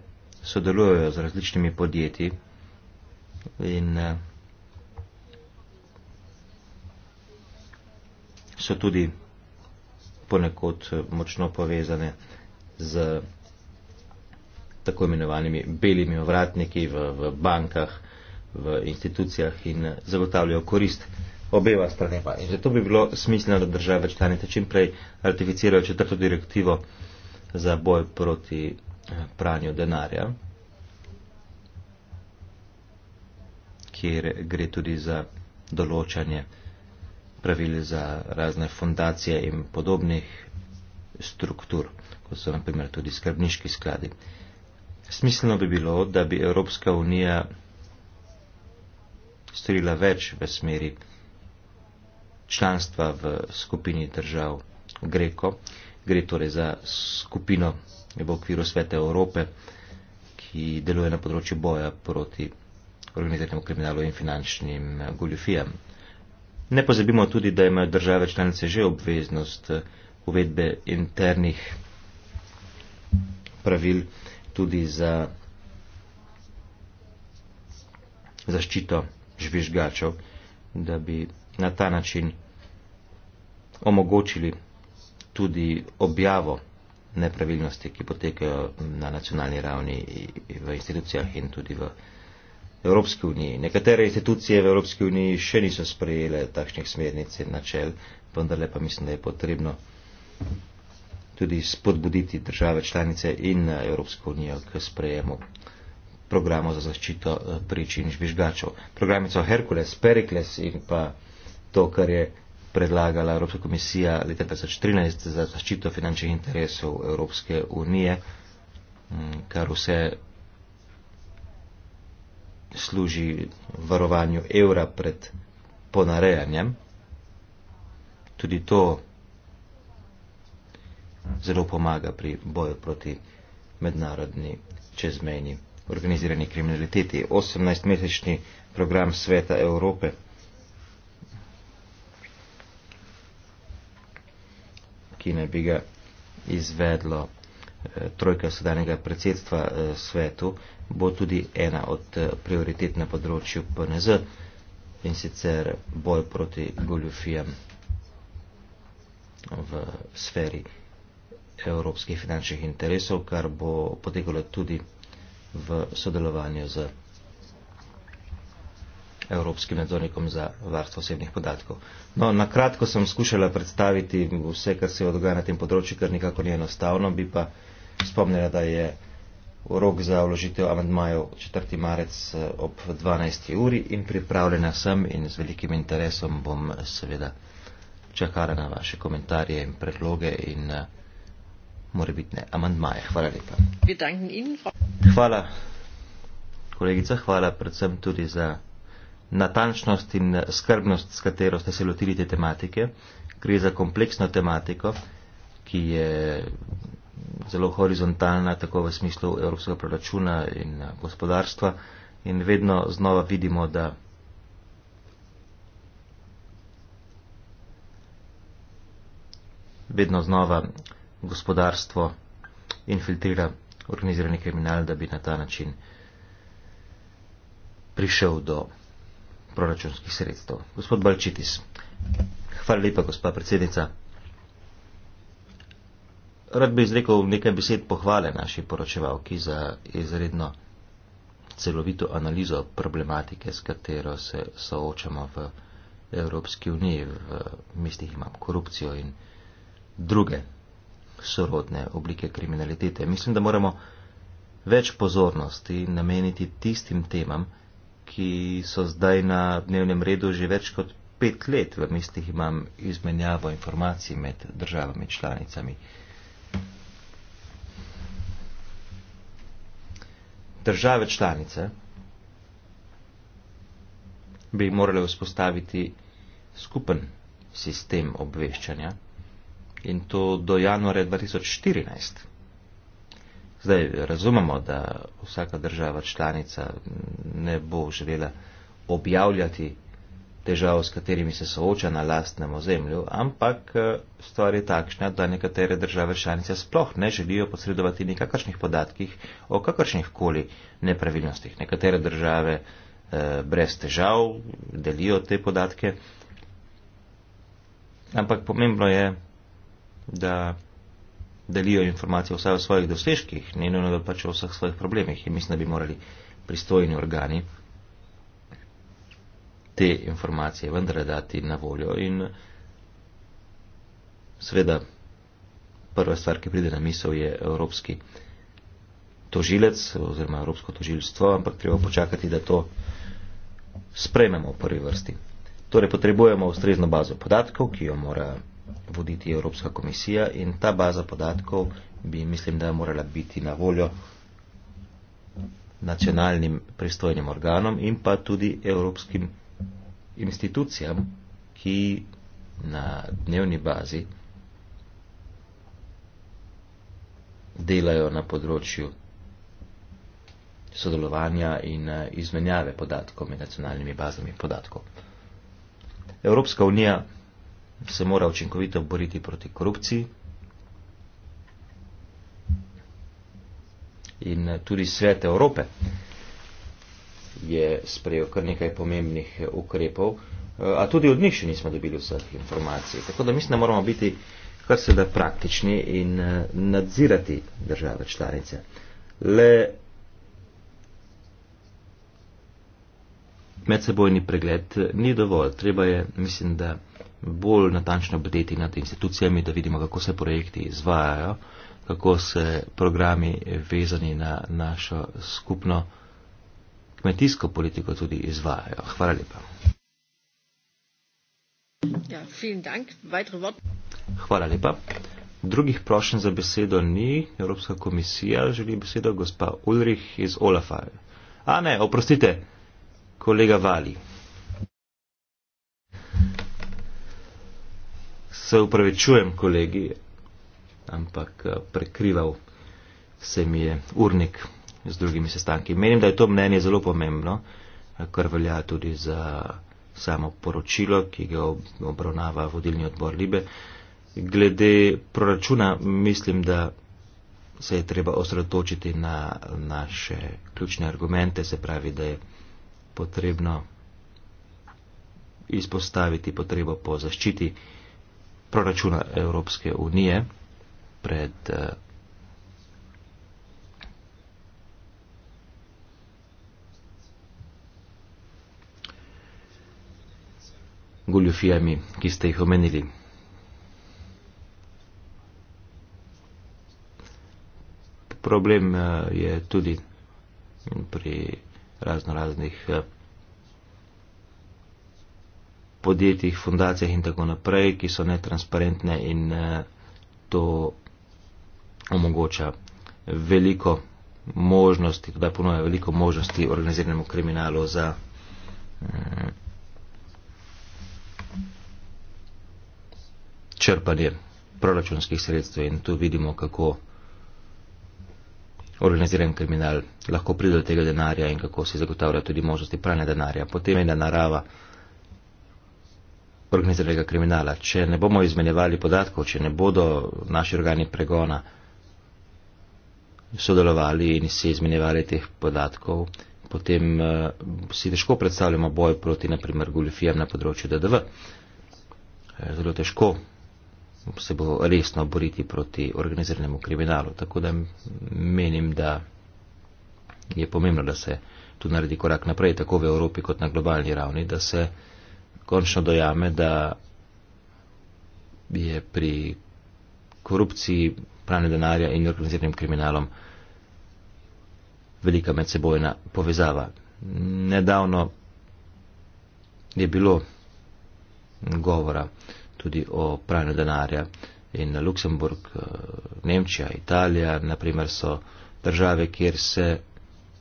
Speaker 4: sodelujejo z različnimi podjetji in eh, so tudi ponekod eh, močno povezane z tako imenovanimi belimi ovratniki v, v bankah, v institucijah in zagotavljajo korist obeva stranema. In zato bi bilo smiselno, da države članice čim prej ratificirajo četrto direktivo za boj proti eh, pranju denarja, kjer gre tudi za določanje pravil za razne fondacije in podobnih struktur, kot so naprimer tudi skrbniški skladi. Smiselno bi bilo, da bi Evropska unija storila več v smeri članstva v skupini držav Greko. Gre torej za skupino v okviru Svete Evrope, ki deluje na področju boja proti organiziranemu kriminalu in finančnim goljufijam. Ne pozabimo tudi, da imajo države članice že obveznost uvedbe internih pravil tudi za zaščito žvižgačev, da bi na ta način omogočili tudi objavo nepravilnosti, ki potekajo na nacionalni ravni v institucijah in tudi v Evropski uniji. Nekatere institucije v Evropski uniji še niso sprejele takšnih smernic in načel, vendar pa mislim, da je potrebno tudi spodbuditi države članice in Evropsko unijo k sprejemu uh, programov za zaščito eh, prič in žvižgačev. Programi so Herkules, Perikles in pa to, kar je predlagala Evropska komisija leta 2013 za zaščito finančnih interesov Evropske unije, mm, kar vse služi varovanju evra pred ponarejanjem. Tudi to zelo pomaga pri boju proti mednarodni čezmejni organizirani kriminaliteti. 18-mesečni program Sveta Evrope ki naj bi ga izvedlo eh, trojka sedanjega predsedstva eh, svetu, bo tudi ena od eh, prioritet na področju PNZ in sicer boj proti goljofijam v sferi evropskih finančnih interesov, kar bo potekalo tudi v sodelovanju z Evropskim nadzornikom za varstvo osebnih podatkov. No, na kratko sem skušala predstaviti vse, kar se je dogaja na tem področju, kar nikako ni enostavno, bi pa spomnila, da je rok za vložitev amandmajev 4. marec eh, ob 12. uri in pripravljena sem in z velikim interesom bom eh, seveda čakala na vaše komentarje in predloge in eh, morebitne amandmaje. Hvala lepa.
Speaker 1: Wir danken Ihnen, Frau...
Speaker 4: Hvala, kolegica, hvala predvsem tudi za natančnost in skrbnost, s katero ste se lotili te tematike. Gre za kompleksno tematiko, ki je zelo horizontalna, tako v smislu evropskega proračuna in eh, gospodarstva. In vedno znova vidimo, da vedno znova gospodarstvo infiltrira organizirani kriminal, da bi na ta način prišel do proračunskih sredstev. Gospod Balčitis, hvala lepa, gospa predsednica. Rad bi izrekel nekaj besed pohvale naši poročevalki za izredno celovito analizo problematike, s katero se soočamo v Evropski uniji. V mislih imam korupcijo in druge sorodne oblike kriminalitete. Mislim, da moramo več pozornosti nameniti tistim temam, ki so zdaj na dnevnem redu že več kot pet let. V mislih imam izmenjavo informacij med državami članicami. Države članice bi morale vzpostaviti skupen sistem obveščanja in to do januarja 2014. Zdaj razumemo, da vsaka država članica ne bo želela objavljati težav, s katerimi se sooča na lastnem ozemlju, ampak eh, stvar je takšna, da nekatere države članice sploh ne želijo posredovati nikakršnih podatkih o kakršnih koli nepravilnostih. Nekatere države eh, brez težav delijo te podatke, ampak pomembno je, da delijo informacije vsaj o svojih dosežkih, ne nujno, da pač o vseh svojih problemih. In mislim, da bi morali pristojni organi te informacije vendarle dati na voljo. In seveda, prva stvar, ki pride na misel, je evropski tožilec oziroma evropsko tožilstvo, ampak treba počakati, da to sprejmemo v prvi vrsti. Torej, potrebujemo ustrezno bazo podatkov, ki jo mora voditi Evropska komisija in ta baza podatkov bi, mislim, da morala biti na voljo nacionalnim pristojnim organom in pa tudi evropskim institucijam, ki na dnevni bazi delajo na področju sodelovanja in eh, izmenjave podatkov med nacionalnimi bazami podatkov. Evropska unija se mora učinkovito boriti proti korupciji. In eh, tudi svet Evrope je sprejel kar nekaj pomembnih eh, ukrepov, eh, a tudi od njih še nismo dobili vseh informacij. Tako da mislim, da moramo biti kar se da praktični in nadzirati države članice. Le medsebojni pregled ni dovolj. Treba je, mislim, da bolj natančno bdeti nad institucijami, da vidimo, kako se projekti izvajajo, kako se programi vezani na našo skupno kmetijsko politiko tudi izvajajo. Hvala lepa.
Speaker 1: Ja, dank.
Speaker 4: Hvala lepa. Drugih prošen za besedo ni. Evropska komisija želi besedo gospa Ulrich iz Olafa. A ne, oprostite, kolega Vali. se upravičujem kolegi, ampak eh, prekrival se mi je urnik z drugimi sestanki. Menim, da je to mnenje zelo pomembno, eh, kar velja tudi za samo poročilo, ki ga obravnava vodilni odbor Libe. Glede proračuna mislim, da se je treba osredotočiti na naše ključne argumente, se pravi, da je potrebno izpostaviti potrebo po zaščiti proračuna Evropske unije pred uh, goljufijami, ki ste jih omenili. Problem uh, je tudi pri razno raznih uh, eh, podjetjih, fundacijah in tako naprej, ki so netransparentne in eh, to omogoča veliko možnosti, da ponuja veliko možnosti organiziranemu kriminalu za eh, črpanje proračunskih sredstev in tu vidimo, kako organiziran kriminal lahko pride do tega denarja in kako se zagotavlja tudi možnosti pranja denarja. Potem je da narava organiziranega kriminala. Če ne bomo izmenjevali podatkov, če ne bodo naši organi pregona sodelovali in se izmenjevali teh podatkov, potem uh, si težko predstavljamo boj proti, naprimer, goljofijam na področju DDV. Eh, zelo težko se bo resno boriti proti organiziranemu kriminalu. Tako da menim, da je pomembno, da se tu naredi korak naprej, tako v Evropi kot na globalni ravni, da se uh, končno dojame, da je pri korupciji, pranju denarja in organiziranim kriminalom velika medsebojna povezava. Nedavno je bilo govora tudi o pranju denarja in Luksemburg, Nemčija, Italija, naprimer so države, kjer se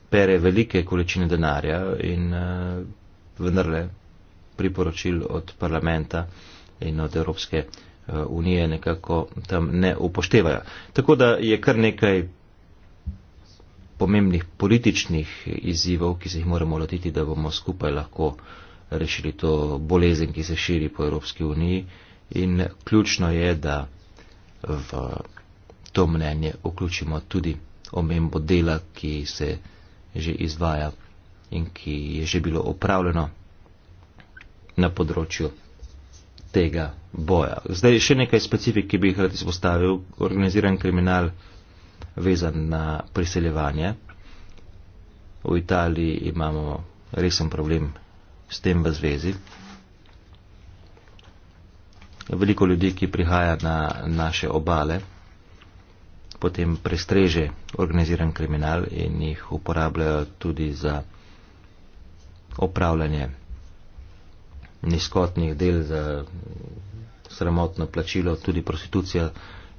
Speaker 4: pere velike količine denarja in eh, vendarle priporočil od parlamenta in od Evropske eh, unije nekako tam ne upoštevajo. Tako da je kar nekaj pomembnih političnih izzivov, ki se jih moramo lotiti, da bomo skupaj lahko rešili to bolezen, ki se širi po Evropski uniji. In ključno je, da v to mnenje vključimo tudi omembo dela, ki se že izvaja in ki je že bilo opravljeno na področju tega boja. Zdaj še nekaj specifik, ki bi jih rad izpostavil. Organiziran kriminal vezan na priseljevanje. V Italiji imamo resen problem s tem v zvezi. Veliko ljudi, ki prihaja na naše obale, potem prestreže organiziran kriminal in jih uporabljajo tudi za opravljanje nizkotnih del za sramotno plačilo, tudi prostitucija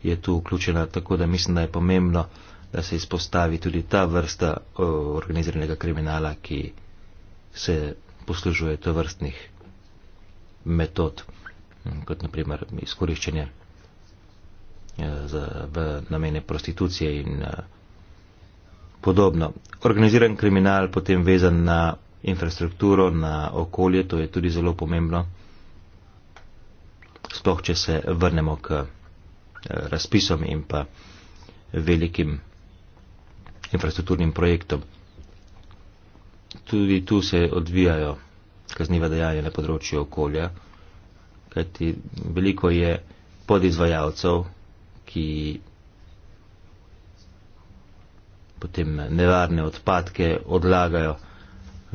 Speaker 4: je tu vključena, tako da mislim, da je pomembno, da se izpostavi tudi ta vrsta organiziranega kriminala, ki se poslužuje to vrstnih metod, kot naprimer izkoriščenje e, v namene prostitucije in e, podobno. Organiziran kriminal potem vezan na infrastrukturo, na okolje, to je tudi zelo pomembno. Sploh, če se vrnemo k eh, razpisom in pa velikim infrastrukturnim projektom. Tudi tu se odvijajo kazniva dejanja na področju okolja, kajti veliko je podizvajalcev, ki potem nevarne odpadke odlagajo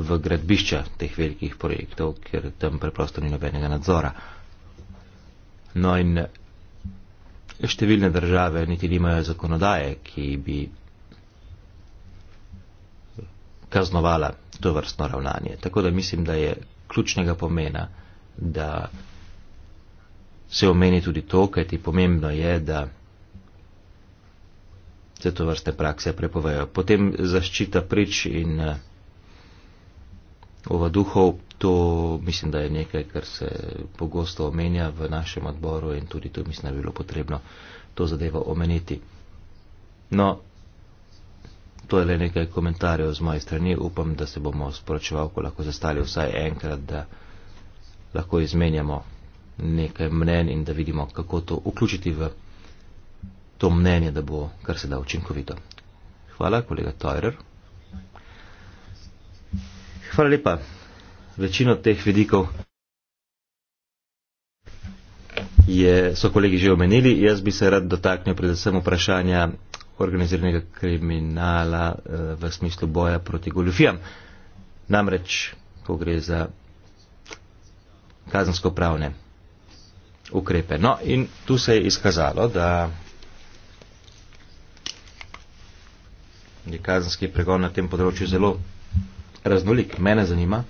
Speaker 4: v gradbišča teh velikih projektov, ker tam preprosto ni nobenega nadzora. No in številne države niti nimajo zakonodaje, ki bi kaznovala to vrstno ravnanje. Tako da mislim, da je ključnega pomena, da se omeni tudi to, kaj ti pomembno je, da se to vrste prakse prepovejo. Potem zaščita prič in eh, ova duhov, to mislim, da je nekaj, kar se pogosto omenja v našem odboru in tudi to mislim, da bi bilo potrebno to zadevo omeniti. No, to je le nekaj komentarjev z moje strani, upam, da se bomo sporočeval, ko lahko zastali vsaj enkrat, da lahko izmenjamo nekaj mnen in da vidimo, kako to vključiti v to mnenje, da bo kar se da učinkovito. Hvala, kolega Toirer hvala lepa. Večino teh vidikov je, so kolegi že omenili. Jaz bi se rad dotaknil predvsem vprašanja organiziranega kriminala eh, v smislu boja proti goljufijam. Namreč, ko gre za kazensko-pravne ukrepe. No, in tu se je izkazalo, da je kazenski pregon na tem področju zelo raznolik. Mene zanima,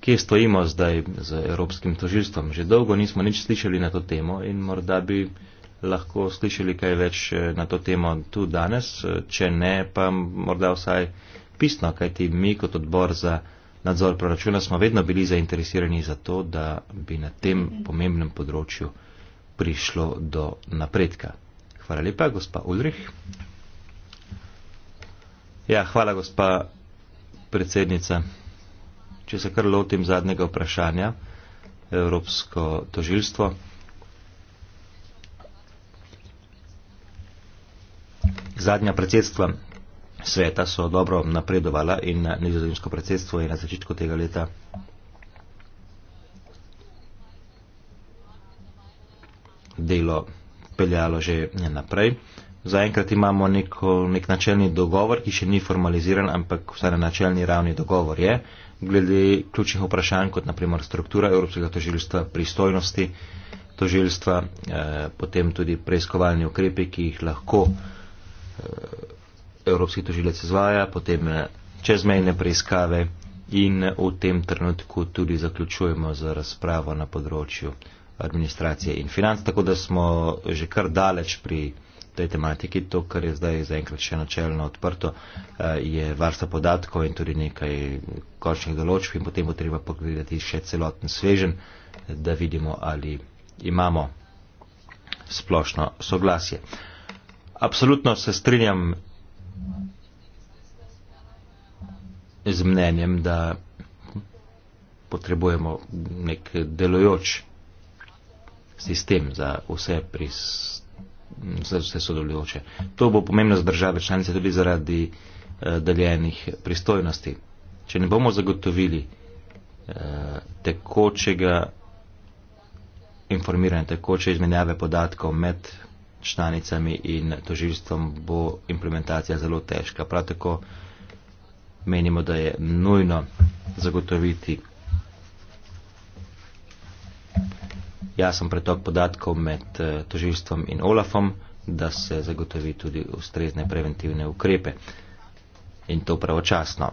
Speaker 4: kje stojimo zdaj z Evropskim tožilstvom. Že dolgo nismo nič slišali na to temo in morda bi lahko slišali kaj več eh, na to temo tu danes, eh, če ne, pa morda vsaj pisno, kajti mi kot odbor za nadzor proračuna smo vedno bili zainteresirani za to, da bi na tem pomembnem področju prišlo do napredka. Hvala lepa, gospa Ulrich. Ja, hvala, gospa predsednica. Če se kar lotim zadnjega vprašanja, Evropsko tožilstvo. Zadnja predsedstva sveta so dobro napredovala in nizozemsko predsedstvo je na začetku tega leta delo peljalo že naprej zaenkrat imamo neko, nek načelni dogovor, ki še ni formaliziran, ampak vsaj na načelni ravni dogovor je, glede ključnih vprašanj, kot naprimer struktura Evropskega toživljstva, pristojnosti toživljstva, eh, potem tudi preiskovalni ukrepi, ki jih lahko eh, Evropski toživljec izvaja, potem eh, čezmejne preiskave in v tem trenutku tudi zaključujemo z razpravo na področju administracije in financ, tako da smo že kar daleč pri tej tematiki, to, kar je zdaj zaenkrat še načelno odprto, eh, je varstvo podatkov in tudi nekaj končnih določb in potem bo treba pogledati še celoten svežen, da vidimo, ali imamo splošno soglasje. Absolutno se strinjam z mnenjem, da potrebujemo nek delojoč sistem za vse pristojnosti za vse sodelujoče. To bo pomembno za države članice tudi zaradi uh, deljenih pristojnosti. Če ne bomo zagotovili uh, tekočega informiranja, tekoče izmenjave podatkov med članicami in toživstvom, bo implementacija zelo težka. Prav tako menimo, da je nujno zagotoviti jasen pretok podatkov med eh, toživstvom in OLAFom, da se zagotovi tudi ustrezne preventivne ukrepe in to pravočasno.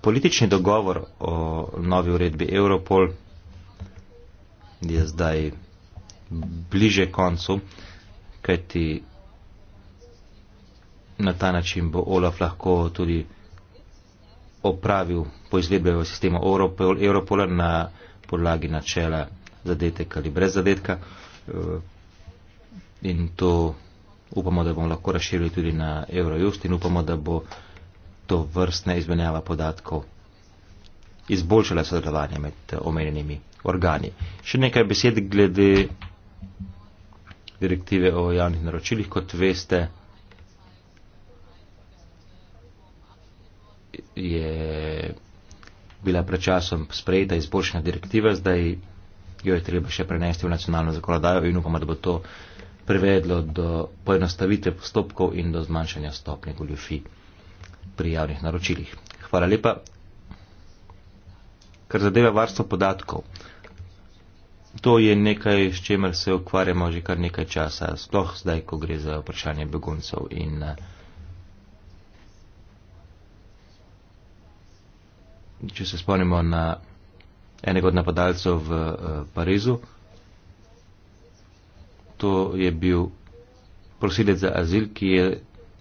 Speaker 4: Politični dogovor o novi uredbi Europol je zdaj bliže koncu, kajti na ta način bo OLAF lahko tudi opravil poizvedbe v sistemu Europola na podlagi načela zadetek ali brez zadetka. Eh, in to upamo, da bomo lahko razširili tudi na Eurojust in upamo, da bo to vrstna izmenjava podatkov izboljšala sodelovanje med eh, omenjenimi organi. Še nekaj besed glede direktive o javnih naročilih. Kot veste, je bila pred časom sprejeta izboljšana direktiva, zdaj jo je treba še prenesti v nacionalno zakonodajo in upamo, da bo to privedlo do poenostavitve postopkov in do zmanjšanja stopnje goljufi pri javnih naročilih. Hvala lepa. Kar zadeva varstvo podatkov, to je nekaj, s čemer se ukvarjamo že kar nekaj časa, sploh zdaj, ko gre za vprašanje beguncev in eh, Če se spomnimo na enega od napadalcev v eh, Parizu. To je bil prosilec za azil, ki je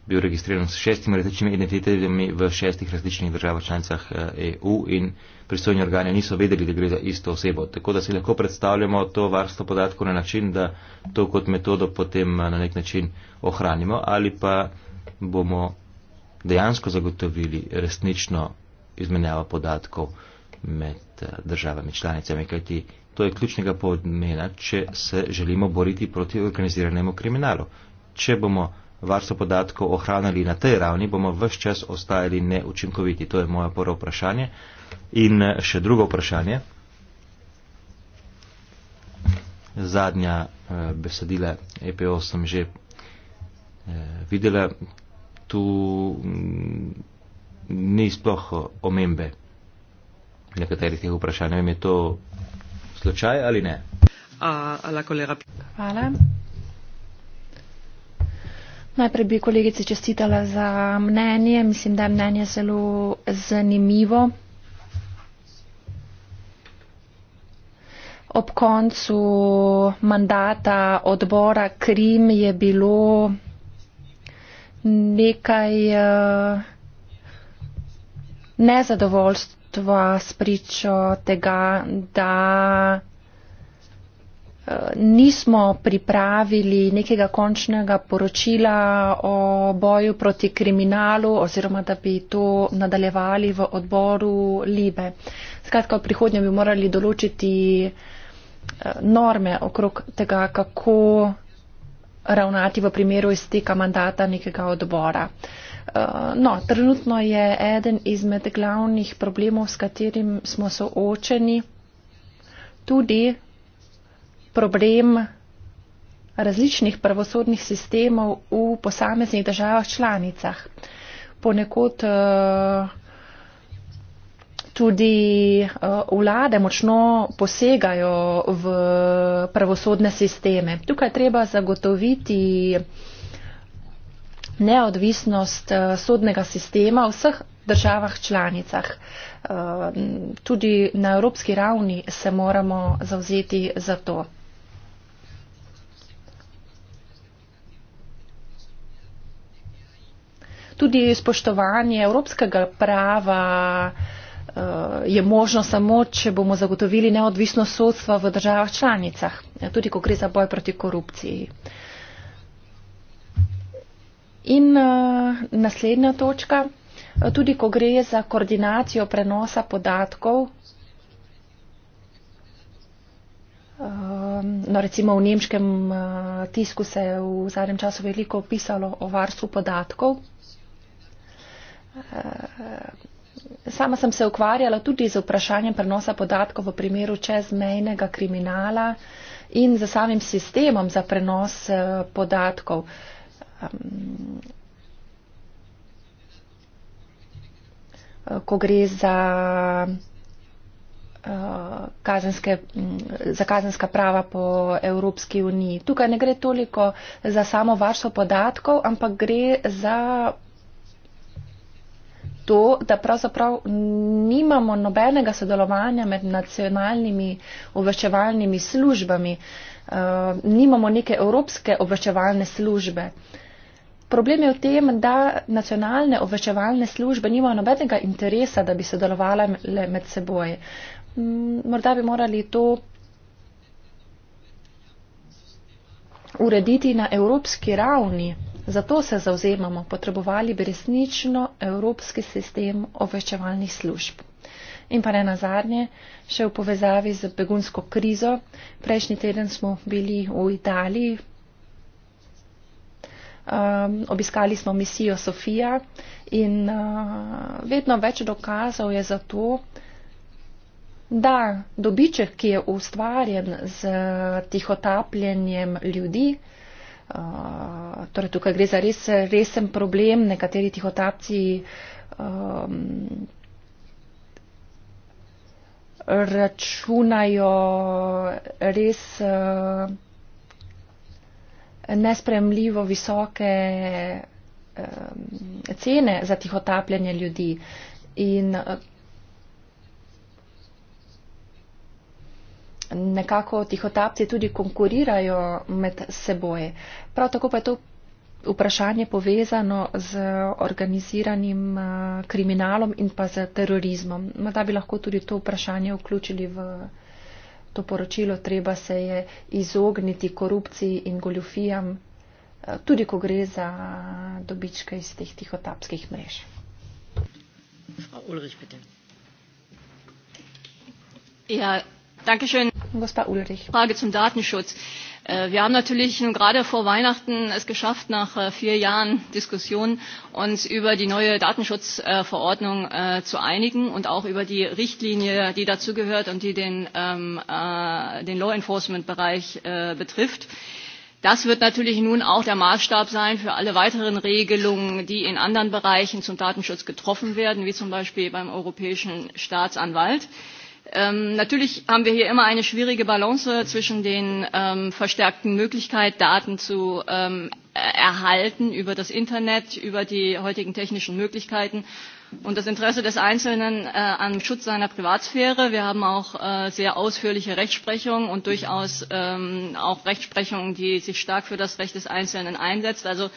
Speaker 4: bil registriran s šestimi različnimi identitetami v šestih različnih državah članicah EU eh, e in pristojni organi niso vedeli, da gre za isto osebo. Tako da si lahko predstavljamo to varstvo podatkov na način, da to kot metodo potem eh, na nek način ohranimo ali pa bomo dejansko zagotovili resnično izmenjavo podatkov med eh, državami članicami, kajti to je ključnega pomena, če se želimo boriti proti organiziranemu kriminalu. Če bomo varstvo podatkov ohranili na tej ravni, bomo vse čas ostajali neučinkoviti. To je moje prvo vprašanje. In eh, še drugo vprašanje. Zadnja eh, besedila EPO sem že eh, videla. Tu mm, ni sploh eh, omembe nekaterih teh vprašanj. Vem, je to slučaj ali ne? A, kolega.
Speaker 2: Hvala. Najprej bi kolegice čestitala za mnenje. Mislim, da je mnenje zelo zanimivo. Ob koncu mandata odbora Krim je bilo nekaj uh, eh, nezadovoljstv žrtva spričo tega, da eh, nismo pripravili nekega končnega poročila o boju proti kriminalu oziroma da bi to nadaljevali v odboru Libe. Skratka, v prihodnje bi morali določiti eh, norme okrog tega, kako ravnati v primeru izteka mandata nekega odbora. Uh, Eh, no, trenutno je eden izmed glavnih problemov, s katerim smo soočeni, tudi problem različnih pravosodnih sistemov v posameznih državah članicah. Ponekod eh, tudi eh, vlade močno posegajo v pravosodne sisteme. Tukaj treba zagotoviti neodvisnost eh, sodnega sistema v vseh državah članicah. Eh, tudi na evropski ravni se moramo zavzeti za to. Tudi spoštovanje evropskega prava eh, je možno samo, če bomo zagotovili neodvisno sodstvo v državah članicah, tudi ko gre za boj proti korupciji. In uh, naslednja točka, eh, tudi ko gre za koordinacijo prenosa podatkov, ehm, No, recimo v nemškem eh, tisku se je v zadnjem času veliko pisalo o varstvu podatkov. Sama sem se ukvarjala tudi z vprašanjem prenosa podatkov v primeru čezmejnega kriminala in za samim sistemom za prenos podatkov um, ko gre za eh, Kazenske, za kazenska prava po Evropski uniji. Tukaj ne gre toliko za samo varstvo podatkov, ampak gre za to, da pravzaprav nimamo nobenega sodelovanja med nacionalnimi obveščevalnimi službami, eh, nimamo neke evropske obveščevalne službe. Problem je v tem, da nacionalne obveščevalne službe nimajo nobenega interesa, da bi sodelovali med seboj. Morda bi morali to urediti na evropski ravni. Zato se zauzemamo, potrebovali bi resnično evropski sistem obveščevalnih služb. In pa ne na zadnje, še v povezavi z begunsko krizo. Prejšnji teden smo bili v Italiji, Um, obiskali smo misijo Sofija in uh, vedno več dokazov je za to, da dobiček, ki je ustvarjen z tihotapljenjem ljudi, uh, torej tukaj gre za res, resen problem, nekateri tihotapci um, računajo res. Uh, nespremljivo visoke cene za tihotapljanje ljudi. In nekako tihotapci tudi konkurirajo med seboj. Prav tako pa je to vprašanje povezano z organiziranim eh, kriminalom in pa z terorizmom. Morda bi lahko tudi to vprašanje vključili v to poročilo, treba se je izogniti korupciji in goljufijam, eh, tudi ko gre za dobičke iz teh tihotapskih mrež.
Speaker 1: Ulrich,
Speaker 5: ja, danke schön. Gospa Ulrich. Frage zum Datenschutz. Äh, wir haben natürlich gerade vor Weihnachten es geschafft, nach äh, vier Jahren Diskussion uns über die neue Datenschutzverordnung äh, zu einigen und auch über die Richtlinie, die dazugehört und die den, ähm, den Law Enforcement Bereich betrifft. Das wird natürlich nun auch der Maßstab sein für alle weiteren Regelungen, die in anderen Bereichen zum Datenschutz getroffen werden, wie zum Beispiel beim Europäischen Staatsanwalt. Ähm, natürlich haben wir hier immer eine schwierige Balance zwischen den ähm, verstärkten Möglichkeiten, Daten zu ähm, erhalten über das Internet, über die heutigen technischen Möglichkeiten und das Interesse des Einzelnen äh, am Schutz seiner Privatsphäre. Wir haben auch äh, sehr ausführliche Rechtsprechung und durchaus ähm, auch Rechtsprechung, die sich stark für das Recht des Einzelnen einsetzt. Also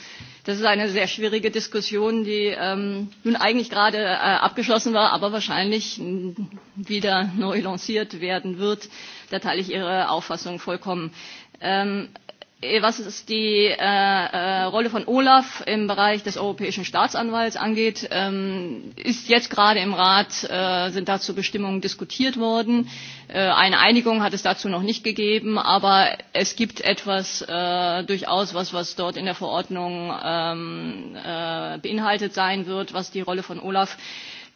Speaker 5: Das ist eine sehr schwierige Diskussion, die ähm, nun eigentlich gerade äh, abgeschlossen war, aber wahrscheinlich hm, wieder neu lanciert werden wird. Da teile ich Ihre Auffassung vollkommen. Ähm, Äh, was es die äh, äh, Rolle von Olaf im Bereich des europäischen Staatsanwalts angeht, ähm, ist jetzt gerade im Rat, äh, sind dazu Bestimmungen diskutiert worden. Äh, eine Einigung hat es dazu noch nicht gegeben, aber es gibt etwas äh, durchaus, was, was dort in der Verordnung ähm, äh, beinhaltet sein wird, was die Rolle von Olaf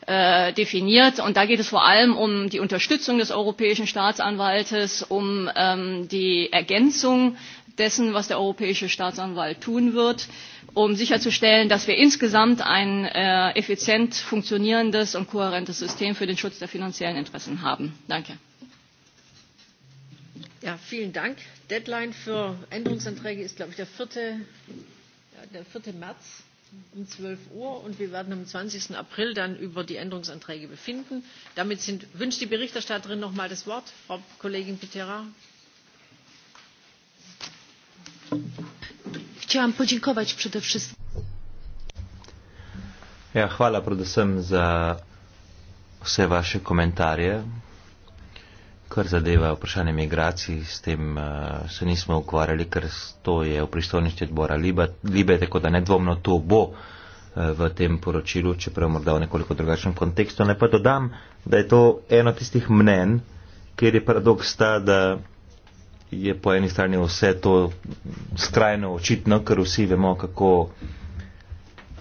Speaker 5: äh, definiert und da geht es vor allem um die Unterstützung des europäischen Staatsanwaltes, um ähm, die Ergänzung äh, dessen, was der Europäische Staatsanwalt tun wird, um sicherzustellen, dass wir insgesamt ein äh, effizient funktionierendes und kohärentes System für den Schutz der finanziellen Interessen haben. Danke.
Speaker 1: Ja, vielen Dank. Deadline für Änderungsanträge ist, glaube ich, der 4. Ja, der 4. März um 12 Uhr und wir werden am 20. April dann über die Änderungsanträge befinden. Damit sind, wünscht die Berichterstatterin noch mal das Wort. Frau Kollegin Pitera,
Speaker 2: Chciałam podziękować przede wszystkim.
Speaker 4: Ja chwala predvsem za vse vaše komentarje, kar zadeva vprašanje migracij, s tem uh, se nismo ukvarjali, ker to je v pristojnosti odbora Libe, tako da nedvomno to bo eh, v tem poročilu, čeprav morda v nekoliko drugačnem kontekstu. Ne pa dodam, da je to eno tistih mnen, kjer je paradoks ta, da je po eni strani vse to skrajno očitno, ker vsi vemo, kako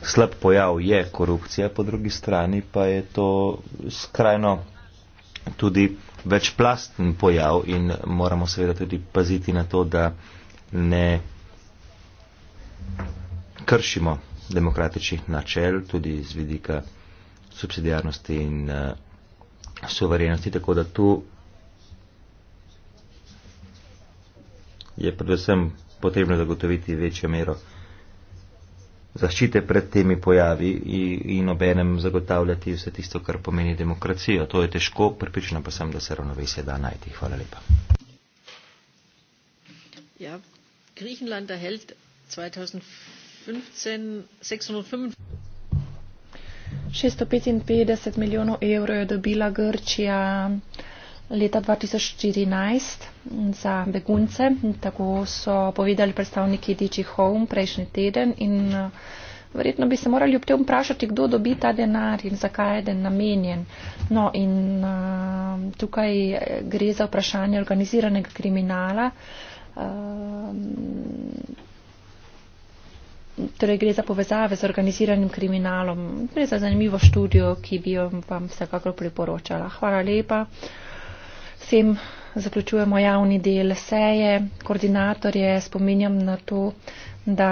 Speaker 4: slab pojav je korupcija, po drugi strani pa je to skrajno tudi večplasten pojav in moramo seveda tudi paziti na to, da ne kršimo demokratičnih načel tudi z vidika subsidijarnosti in uh, suverenosti, tako da tu je predvsem potrebno zagotoviti večjo mero zaščite pred temi pojavi in obenem zagotavljati vse tisto, kar pomeni demokracijo. To je težko, pripričana pa sem, da se ravnovesje da najti. Hvala lepa.
Speaker 1: Ja, Griehenland da held 2015 655
Speaker 2: 655 milijonov evrov je dobila Grčija leta 2014 za begunce. Tako so povedali predstavniki Digi Home prejšnji teden in eh, verjetno bi se morali ob tem vprašati, kdo dobi ta denar in zakaj je den namenjen. No in eh, tukaj eh, gre za vprašanje organiziranega kriminala. Torej gre za povezave z organiziranim kriminalom. Gre za zanimivo študijo, ki bi jo vam vsekakor priporočala. Hvala lepa tem zaključujemo javni del seje. Koordinatorje spominjam na to, da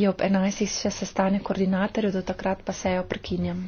Speaker 2: je ob 11.00 še sestanek koordinatorjev, do takrat pa sejo prekinjam.